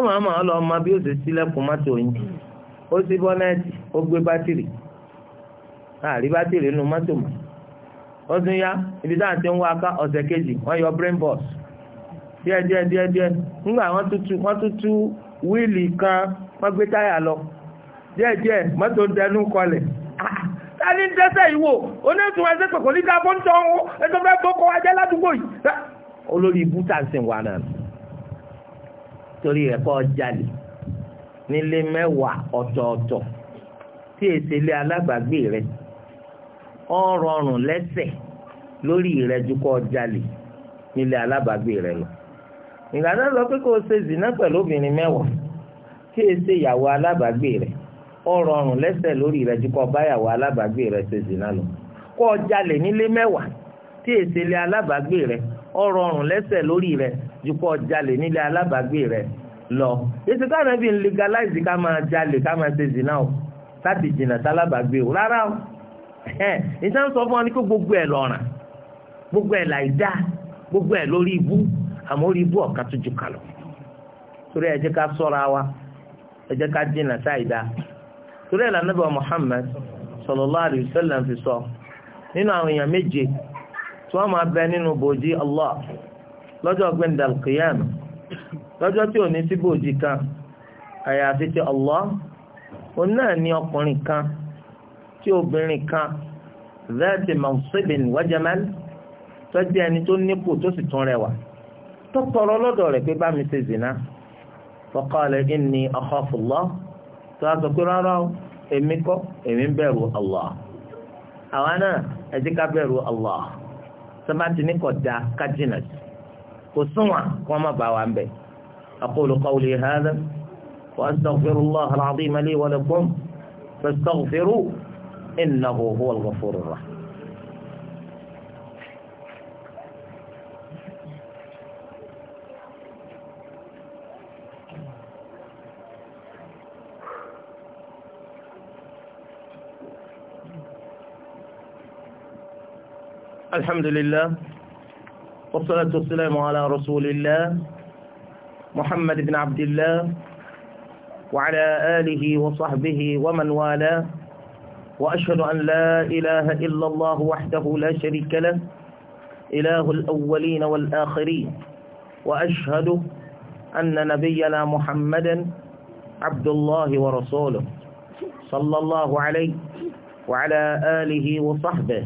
bí ó ti sílẹ̀kùn mọ́tò yín ó sí bọ́nẹ́ẹ̀tì ó gbé bátìrì àrí bátìrì nínú mọ́tò mọ́ ó tún yá ibi táà ti ń wá ọ̀sẹ̀ yọ brain box nígbà wọ́n kan wọ́n gbé táyà lọ mọ́tò ń kọlẹ̀ ta ní dẹ́sẹ̀ ìwò onẹ́tùn ẹsẹ̀ pẹ̀kọ́ ní dábọ́ ń tán ẹjọ́ fẹ́ bọ́kọ́ ajẹ́ ládùúgbò yìí. olórí ibú tà ń sìn wà náà torí ẹ̀kọ́ jalè nílé mẹ́wàá ọ̀tọ̀ọ̀tọ̀ tí èsì ilé alábàágbé rẹ̀ ọ̀ rọrùn lẹ́sẹ̀ lórí ìrẹ́júkọ́ jalè nílé alábàágbé rẹ̀ lọ. ìgbà náà lọ pé kó ṣe zìnà pẹ̀lú obìnrin mẹ́wàá tí èsì ìyàwó alábàágbé rẹ̀ ó rọrùn lẹ́sẹ̀ lórí rẹ báyàwó alábàágbé rẹ̀ zina lọ kó jalè nílé mẹ́wàá tí èsè lé alábàágbé rẹ̀ ọrụ rọrùn lẹ́sẹ̀ lórí rẹ̀ jù kó jalè nílé alábàágbé lọ èsì káwọn ẹbí ń legalize ká máa zina o láti jìnnà o rárá o sọ fún gbogbo ẹ lọ́ràn gbogbo ẹ gbogbo ẹ lórí ibú àmọ́ orí ibú tó torí wa ẹ jẹ́ ká torí ẹ̀ lànà bá Muhammad sallallahu alaihi wasallam fi sọ nínú àwọn èèyàn méje tí wọ́n máa bẹ nínú bòjì Allah lọ́jọ́ gbẹ̀ndàl kìyàmù lọ́jọ́ tí ò ní sí bòjì kan àyàfi ti Allah òun náà ní ọkùnrin kan tí obìnrin kan zaati mansibin wa jamal tó jẹ́ ẹni tó nípò tó sì tún rẹwà tó tọrọ lọ́dọ̀ rẹ̀ pé bá mi ṣe zina faqala inni akhafu Allah tó a sọ pé rárá o èmi kọ́ èmi ń bẹ̀rù Allah àwa náà ẹ jẹ́ ká bẹ̀rù Allah sábàtì ní kò dáa sí kò súnwà kí má bàa wà ń bẹ̀. أقول قولي هذا وأستغفر الله العظيم لي ولكم فاستغفروه إنه هو الغفور الرحيم الحمد لله والصلاة والسلام على رسول الله محمد بن عبد الله وعلى آله وصحبه ومن والاه وأشهد أن لا إله إلا الله وحده لا شريك له إله الأولين والآخرين وأشهد أن نبينا محمدا عبد الله ورسوله صلى الله عليه وعلى آله وصحبه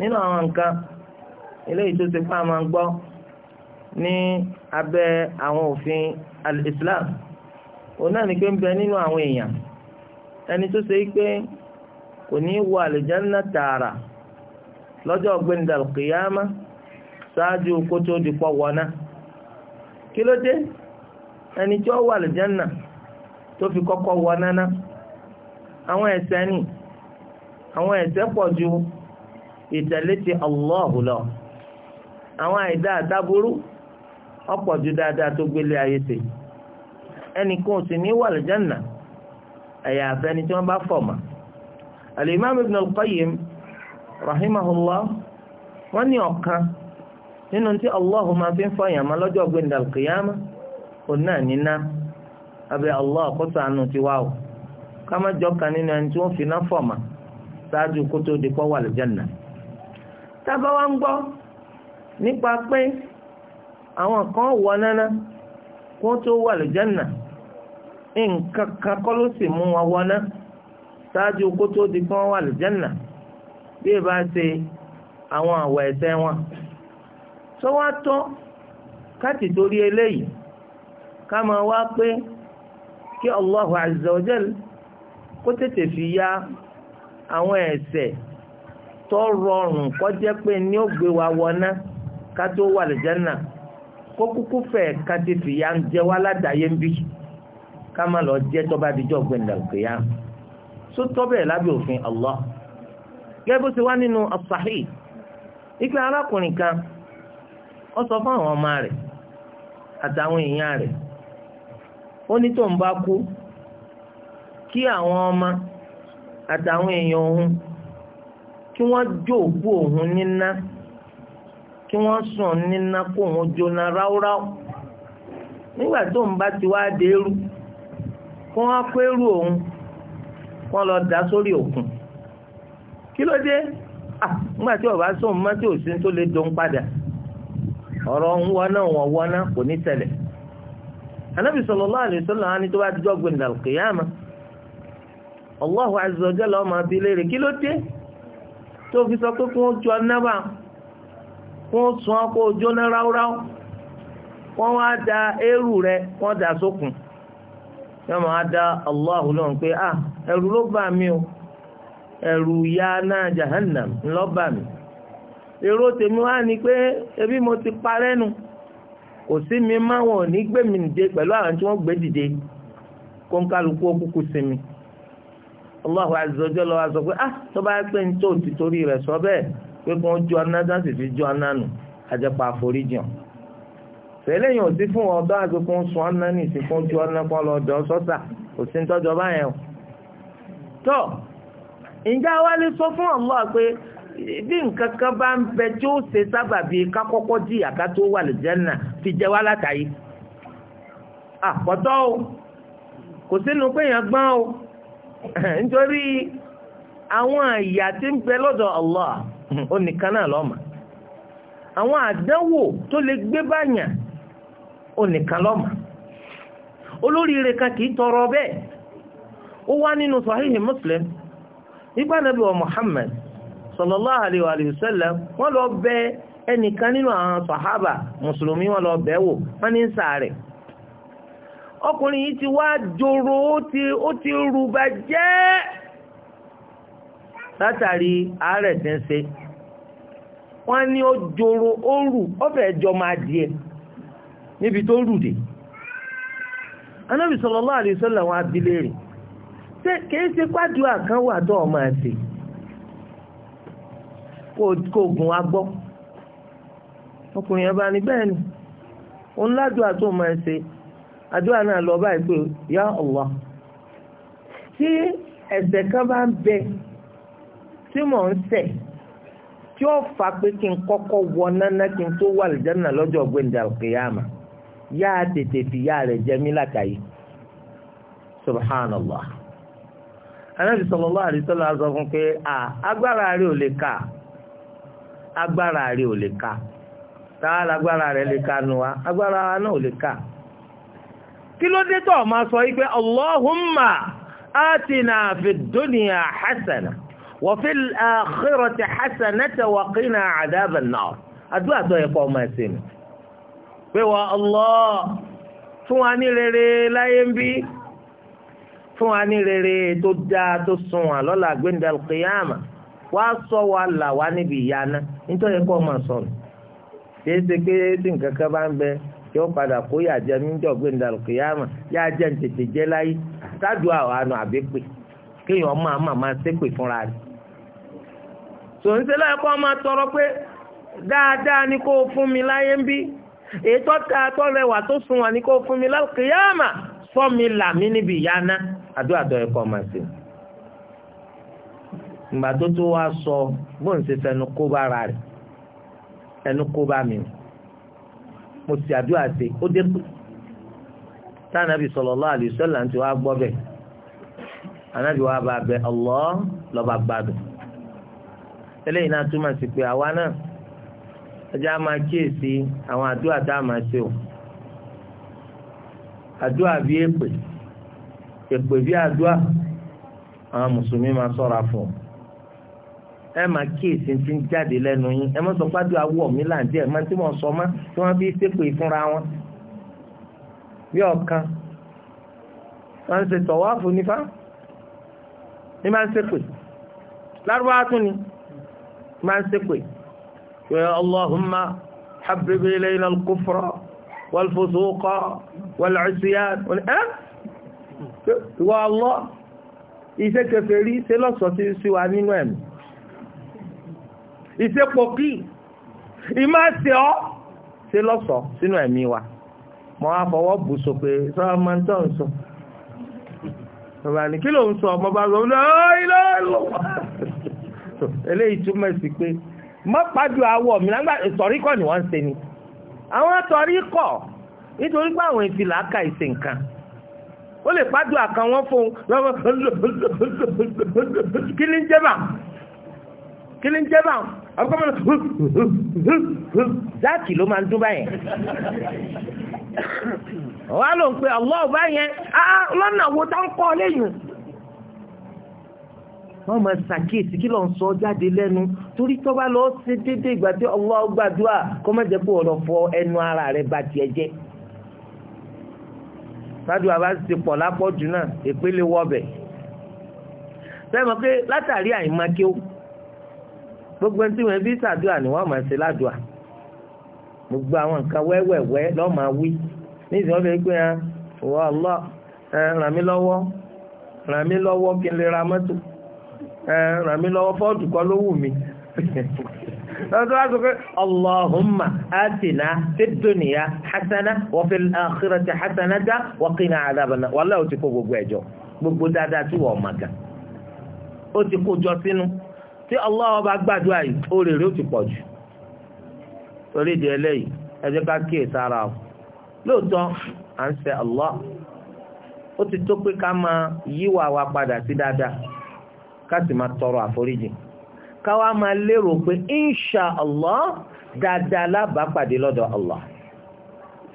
nínú àwọn nǹkan eléyìí tó ti pa máa ń gbọ́ ní abẹ́ àwọn òfin islam òun náà ni pé ń bẹ nínú àwọn èèyàn ẹni tó ṣe pé kò ní wọ àlùjánnà tààrà lọ́jọ́ ọ̀gbẹ́ndà kìyàmá ṣáájú kó tó di pọ̀ wọná kí ló dé ẹni tí ó tó fi kọ́kọ́ wọná ná àwọn ẹ̀ṣẹ̀ ni àwọn pọ̀ ìtẹ̀lé ti Allahu lọ àwọn àìdá àdáburú ọ̀pọ̀ ju dáadáa tó gbélé ayé ṣe ẹnìkan ò sì ní wà lẹ́jọ́nà ẹ̀yà àfẹ́ni tí wọ́n bá fọ̀ mọ́ Al-Imam Ibn Al-Qayyim wọ́n ní ọ̀kan nínú tí máa fi ń fọyàn lọ́jọ́ gbẹ̀ndà kìyàmá òun náà níná abẹ́ Allah kó ti tiwa o ká má jọ́ kan nínú ẹni tí wọ́n fi ná fọ̀ mọ́ kó tábà wá ń gbọ́ nípa pé àwọn kan wọ náná kó tó wà lójánà nǹkan kan kọ́ ló sì mú wọn wọná ṣáájú kó tó di kí wọ́n wà lójánà bí ẹ bá ṣe àwọn àwọ̀ ẹ̀ṣẹ̀ wọn. tó wá tọ́ káàtì torí eléyìí ká máa wá pé kí Allahu azza kó tètè fi ya àwọn ẹ̀ṣẹ̀ tó rọrùn kọjá pé ní ó gbé wa wọná ká tó wà lè jẹ́nà kó kúkú fẹ̀ ká ti ya ń jẹ wá ládàáyé ń bí ká má lọ jẹ́ tó bá dijọ́ gbẹ̀ndà òkèèyà sótọ́ bẹ́ẹ̀ lábẹ́ òfin Allah gẹ́gẹ́ bó ṣe wá nínú as-sahih ìgbà arákùnrin kan ó sọ fún àwọn ọmọ rẹ̀ àtàwọn èèyàn rẹ̀ ó ní tó ń bá kú kí àwọn ọmọ àtàwọn èèyàn òun kí wọ́n jó òkú òun níná kí wọ́n sùn níná kó òun jóná ráúráú nígbà tó ń bá ti wá dé eru kó wọ́n kó eru òun kó lọ dá sórí òkun kí ló dé nígbà tí ọba sóun má tí ò tó lè dòun padà ọ̀rọ̀ ń wọná wọ̀n wọná kò ní tẹ̀lẹ̀ tó bá ti jọ́ gbẹ̀ndàlùkìyàmà Allahu azza wa máa léèrè kí tó fi sọ pé fún ojú anábà fún sun ọkọ̀ ojú náà ráúráú wọ́n wá da eérú rẹ wọ́n dà sókun yọ́n máa da Allahu lọ́n pé ah ẹ̀rù ló bà mí o ẹ̀rù ya náà jahannam ńlọ́ bà mí èrò tèmi wá ni pé ebi mo ti parẹ́ nu kò sí mi máwọn ò ní gbé pẹ̀lú àwọn tí wọ́n gbé dìde kó ń kálukú ó kúkú sinmi. Allahu azza wa jalla wá sọ pé ah tó bá pé ní tó ti torí rẹ̀ sọ bẹ́ẹ̀ pé kí wọ́n ju aná dá sì fi ju aná nù àjẹpà àforíjìn tẹ̀lé yìí ò sí fún ọ̀dọ́ àgbẹ̀kún sun aná ní ìsìnkú ju aná kan sọ́sà kò sí tọ́jọ báyẹn o tọ́ ǹjẹ́ wa lè sọ fún Allah pé bí nǹkan kan bá ń bẹ tí ó ṣe sábàbí kákọ́kọ́ jìyà ká tó wà lè jẹ́nà fi jẹ wá látàyè àpọ̀tọ́ o kò sínú pé èèyàn gbọ́n o nítorí àwọn ìyà tí ń bẹ lọ́dọ̀ Allah ó nìkan náà lọ́mà àwọn àdánwò tó lè gbé báyà ó nìkan lọ́mà kan tọrọ bẹ́ẹ̀ ó wá nínú Muslim nígbà wa sallallahu alayhi wa sallam wọ́n lọ ẹnìkan nínú àwọn sàhábà mùsùlùmí wọ́n lọ ọkùnrin yìí ti wá joro ó ti rù ti jẹ́ látàrí àárẹ̀ tí ń se wọ́n ní ó joro ó rù ó fẹ́ jọ máa díẹ̀ níbi tó rù anábì sallallahu àwọn abilé rẹ̀ kìí ṣe pàdùà kan ọmọ agbọ́ ọkùnrin ní bẹ́ẹ̀ ni òun àdúrà náà lọ ya Allah tí ẹ̀ṣẹ̀ kan bá ń bẹ tí mò ń ṣẹ̀ tí ó fà pé kí n kọ́kọ́ wọ náná kí n tó wà lọ́jọ́ yá tètè fi yá rẹ̀ jẹ́ mí subhanallah anabi sallallahu alaihi a agbára rẹ̀ ò lè ka agbára rẹ̀ ò lè ka tá a lágbára lè ka nu wa agbára wa náà ka. kí ló dé tó máa sọ wípé allahumma atina fi dunya hasana wa fil akhirati hasanata wa qina adhaban nar àdúrà tó yẹ kó ọmọ ẹsẹ mi pé wà allah fún wa ní rere láyé ń bí fún wa ní rere tó dáa tó sun wa lọ́la gbẹ̀ndà kìyàmà wá sọ wa là wá níbi ìyá náà nítorí kó ọmọ sọ̀rọ̀ kì í ṣe pé tí nǹkan kan bá ń bẹ yóò padà kó yàjẹ níjọgbé ndàlùkìyàmà jẹ láyé sádùú àwọn àna àbí pè kéèyàn ọmọ àmà máa ṣépè fúnra rẹ̀. sòǹsẹ́lá ẹ̀kọ́ máa tọrọ pé dáadáa ni kó o fún mi láyé ń bí ètò tààtọ́ rẹwà tó sun wà ní kó o fún mi lálùkìyàmà sọ mi là mí níbi tó ẹ̀kọ́ máa ṣe. ìgbà tó tó wá sọ bóun ṣe fẹnu kó bá ara ẹnu kó bá mi mo sì àdúrà ṣe ó dé kù tánàbì sallallahu alaihi wasallam tí wàá gbọ́ bẹ̀ ànábì wàá bá bẹ Allah lọ́ba gbádùn eléyìí náà túmọ̀ sí pé àwa náà ẹjẹ́ á máa kíyèsí àwọn àdúrà tá a máa ṣe o àdúrà bíi èpè èpè bíi àdúrà àwọn mùsùlùmí máa ṣọ́ra fún un ẹ máa kíyèsí ti ń jáde lẹ́nu yín ẹ má sọ pàdé awọ mi láǹdí ẹ máa tí wọ́n sọ mọ́ tí wọ́n fi ṣépè fúnra wọn. bí ọ̀kan wọ́n ń ṣe tọ̀wáàfù nífà ní máa ń ṣépè lárúbáwá tún ni máa ń ṣépè pé allahumma habbib ilayna al-kufra wal-fusuqa wal-'isyan ẹ ìwọ ọlọ iṣẹ́ kèfèrí ṣe lọ́sọ̀ọ́ sí wa nínú ẹ̀mí ìsepò kí ìmá ṣe ọ́ ṣe lọ́sọ̀ọ́ sínú ẹ̀mí wa mọ́ á fọwọ́ bù sọ pé sọ́ọ́ máa ń tọ́ ń sọ ọba ní kí ló ń sọ ọmọ bá sọ ọ́ ilé lọ eléyìí túmọ̀ sí pé má pàdù awọ mi lágbà ìtọ̀rí kọ́ ni wọ́n ń ṣe ni àwọn ìtọ̀rí kọ́ nítorí pé àwọn ìfìlà aka ìṣe nǹkan ó lè pàdù àkàn wọn fún un kí ni ń jẹ́ bá kí ni ń jẹ́ bá àbúkọ́ mọ́ záàkì ló máa ń dún báyẹn wọ́n á lò ń pe Allah báyẹn ah, ah, lọ́nà wo tá ń kọ́ lẹ́yìn wọ́n máa ṣàkíyèsí kí ló ń sọ jáde lẹ́nu torí tó bá lọ ṣe déédéé ìgbà tí Allah gbàdúrà kó má jẹ́ pé ọ̀rọ̀ fọ ẹnu ara rẹ̀ bá tiẹ̀ jẹ́ gbàdúrà bá ti pọ̀ lápọ̀jù náà ìpele wọ́ọ̀bẹ̀ fẹ́ẹ́ mọ̀ pé látàrí àìmọ́kíó gbogbo ẹni tí wọ́n fi ni wọ́n máa ṣe ládùúà gbogbo àwọn nǹkan wẹ́wẹ́wẹ́ lọ́ọ́ máa wí níbi wọ́n fi pé ẹ wọ́ ọlọ́ ràn mí lọ́wọ́ ràn mí lọ́wọ́ kí n lè ra mọ́tò ràn mí lọ́wọ́ hasana hasana dá gbogbo gbogbo dáadáa jọ tí Allah ọba gbàdúrà yìí ó rè ó ti pọ̀ jù torí ìdí ẹlẹ́yìí ẹ jẹ́ ká kíyè sára o lóòótọ́ à ń ti tó pé ká máa yíwà wa padà sí dáadáa ká sì tọrọ àforíjì ká wá máa lérò pé insha Allah dáadáa lábàápàdé lọ́dọ̀ Allah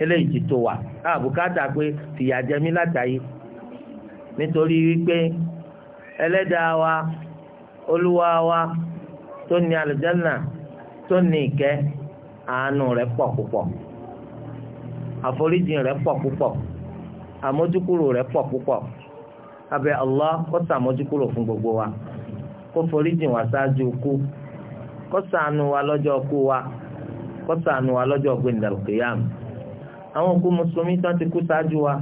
eléyìí ti tó àbùkátà pé jẹ mí látàyè nítorí wípé ẹlẹ́dàá wa. olúwa to tó ní alùjánà tó ní ìkẹ́ àánú rẹ̀ pọ̀ púpọ̀ àforíjìn rẹ̀ pọ̀ púpọ̀ àmójúkúrò rẹ̀ pọ̀ púpọ̀ abẹ Allah kó fún gbogbo wa kó foríjìn wá ṣáájú kú kó ṣàánú wa lọ́jọ́ kú wa kó ṣàánú wa lọ́jọ́ gbẹndàlùkìyàmù àwọn òkú mùsùlùmí ti kú ṣáájú wa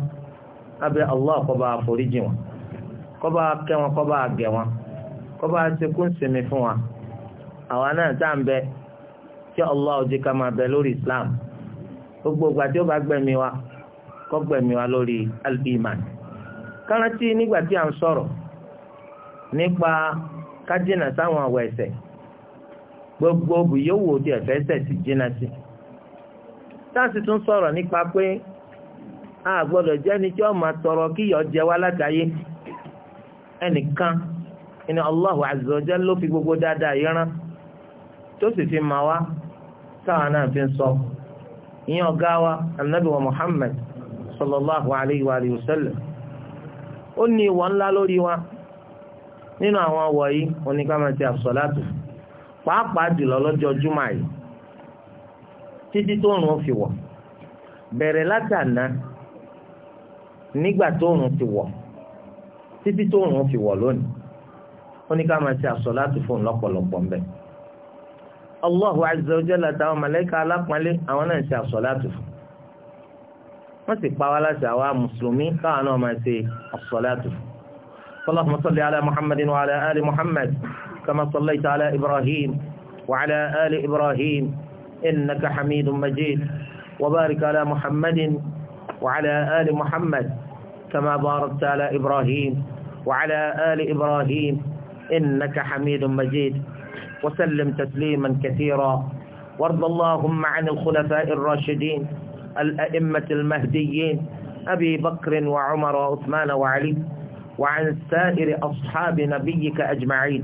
abẹ Allah kó bá wọn kó bá kọba bá ṣe kún sinmi fún wa àwa náà tá à bẹ tí Islam gbogbo ìgbà tí ó bá gbẹ̀mí wa kọ́ gbẹ̀mí wa lórí al-iman nígbà tí a ń sọ̀rọ̀ nípa kájínà sáwọn àwọ̀ ẹ̀ṣẹ̀ gbogbo bùyówò di ẹ̀fẹ́ ẹ̀ṣẹ̀ sì jìnnà sí táàsì tún sọ̀rọ̀ nípa pé a gbọ́dọ̀ jẹ́ni tí máa tọrọ kíyọ̀ jẹ wá ẹnìkan ìní Allahu azza fi gbogbo dáadáa yìí tó sì fi mà wá táwọn náà fi ń sọ ìyẹn ọ̀gá wa anabi wa sallallahu alayhi wa sallam ó ní ńlá lórí wa nínú àwọn awọ yìí oníkàmẹ́tì títí tó rùn fi wọ̀ bẹ̀rẹ̀ látàná nígbà tó rùn ti wọ̀ títí tó rùn fi wọ̀ lónìí ó ní ká máa ṣe àsọ̀láàtù fún lọ́pọ̀lọpọ̀ ńbẹ. Allahu azza wa jalla àtàwọn màláíkà alápọ̀nlé àwọn náà ń ṣe àsọ̀láàtù fún. wọ́n sì pa wá láti àwa mùsùlùmí káwọn náà máa ṣe àsọ̀láàtù fún. Allahumma salli ala Muhammadin wa ala ali Muhammad kama sallaita ala Ibrahim wa ala ali Ibrahim innaka hamidun majid wa barik ala Muhammadin wa ala ali Muhammad kama barakta ala Ibrahim wa ala ali Ibrahim إنك حميد مجيد وسلم تسليما كثيرا وارض اللهم عن الخلفاء الراشدين الأئمة المهديين أبي بكر وعمر وعثمان وعلي وعن سائر أصحاب نبيك أجمعين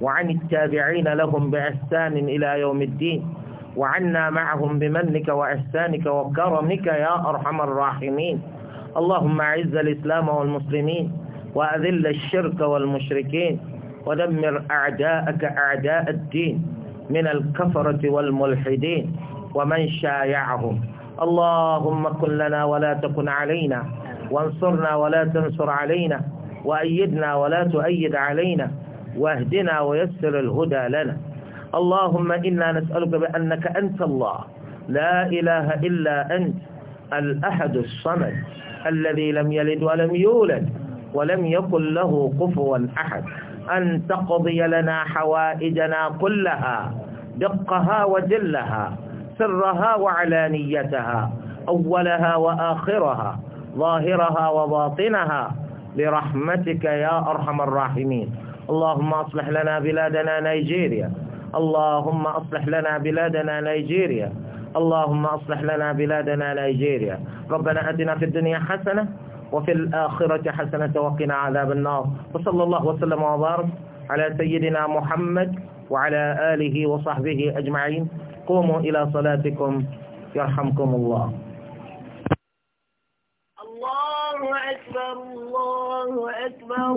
وعن التابعين لهم بإحسان إلى يوم الدين وعنا معهم بمنك وإحسانك وكرمك يا أرحم الراحمين اللهم أعز الإسلام والمسلمين وأذل الشرك والمشركين ودمر أعداءك أعداء الدين من الكفرة والملحدين ومن شايعهم اللهم كن لنا ولا تكن علينا وانصرنا ولا تنصر علينا وأيدنا ولا تؤيد علينا واهدنا ويسر الهدى لنا اللهم إنا نسألك بأنك أنت الله لا إله إلا أنت الأحد الصمد الذي لم يلد ولم يولد ولم يكن له كفوا أحد أن تقضي لنا حوائجنا كلها دقها وجلها سرها وعلانيتها أولها وآخرها ظاهرها وباطنها برحمتك يا أرحم الراحمين اللهم أصلح لنا بلادنا نيجيريا اللهم أصلح لنا بلادنا نيجيريا اللهم أصلح لنا بلادنا نيجيريا ربنا أتنا في الدنيا حسنة وفي الآخرة حسنة وقنا عذاب النار وصلى الله وسلم وبارك على سيدنا محمد وعلى آله وصحبه أجمعين قوموا إلى صلاتكم يرحمكم الله الله أكبر الله أكبر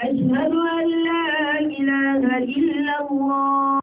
أشهد أن لا إله إلا الله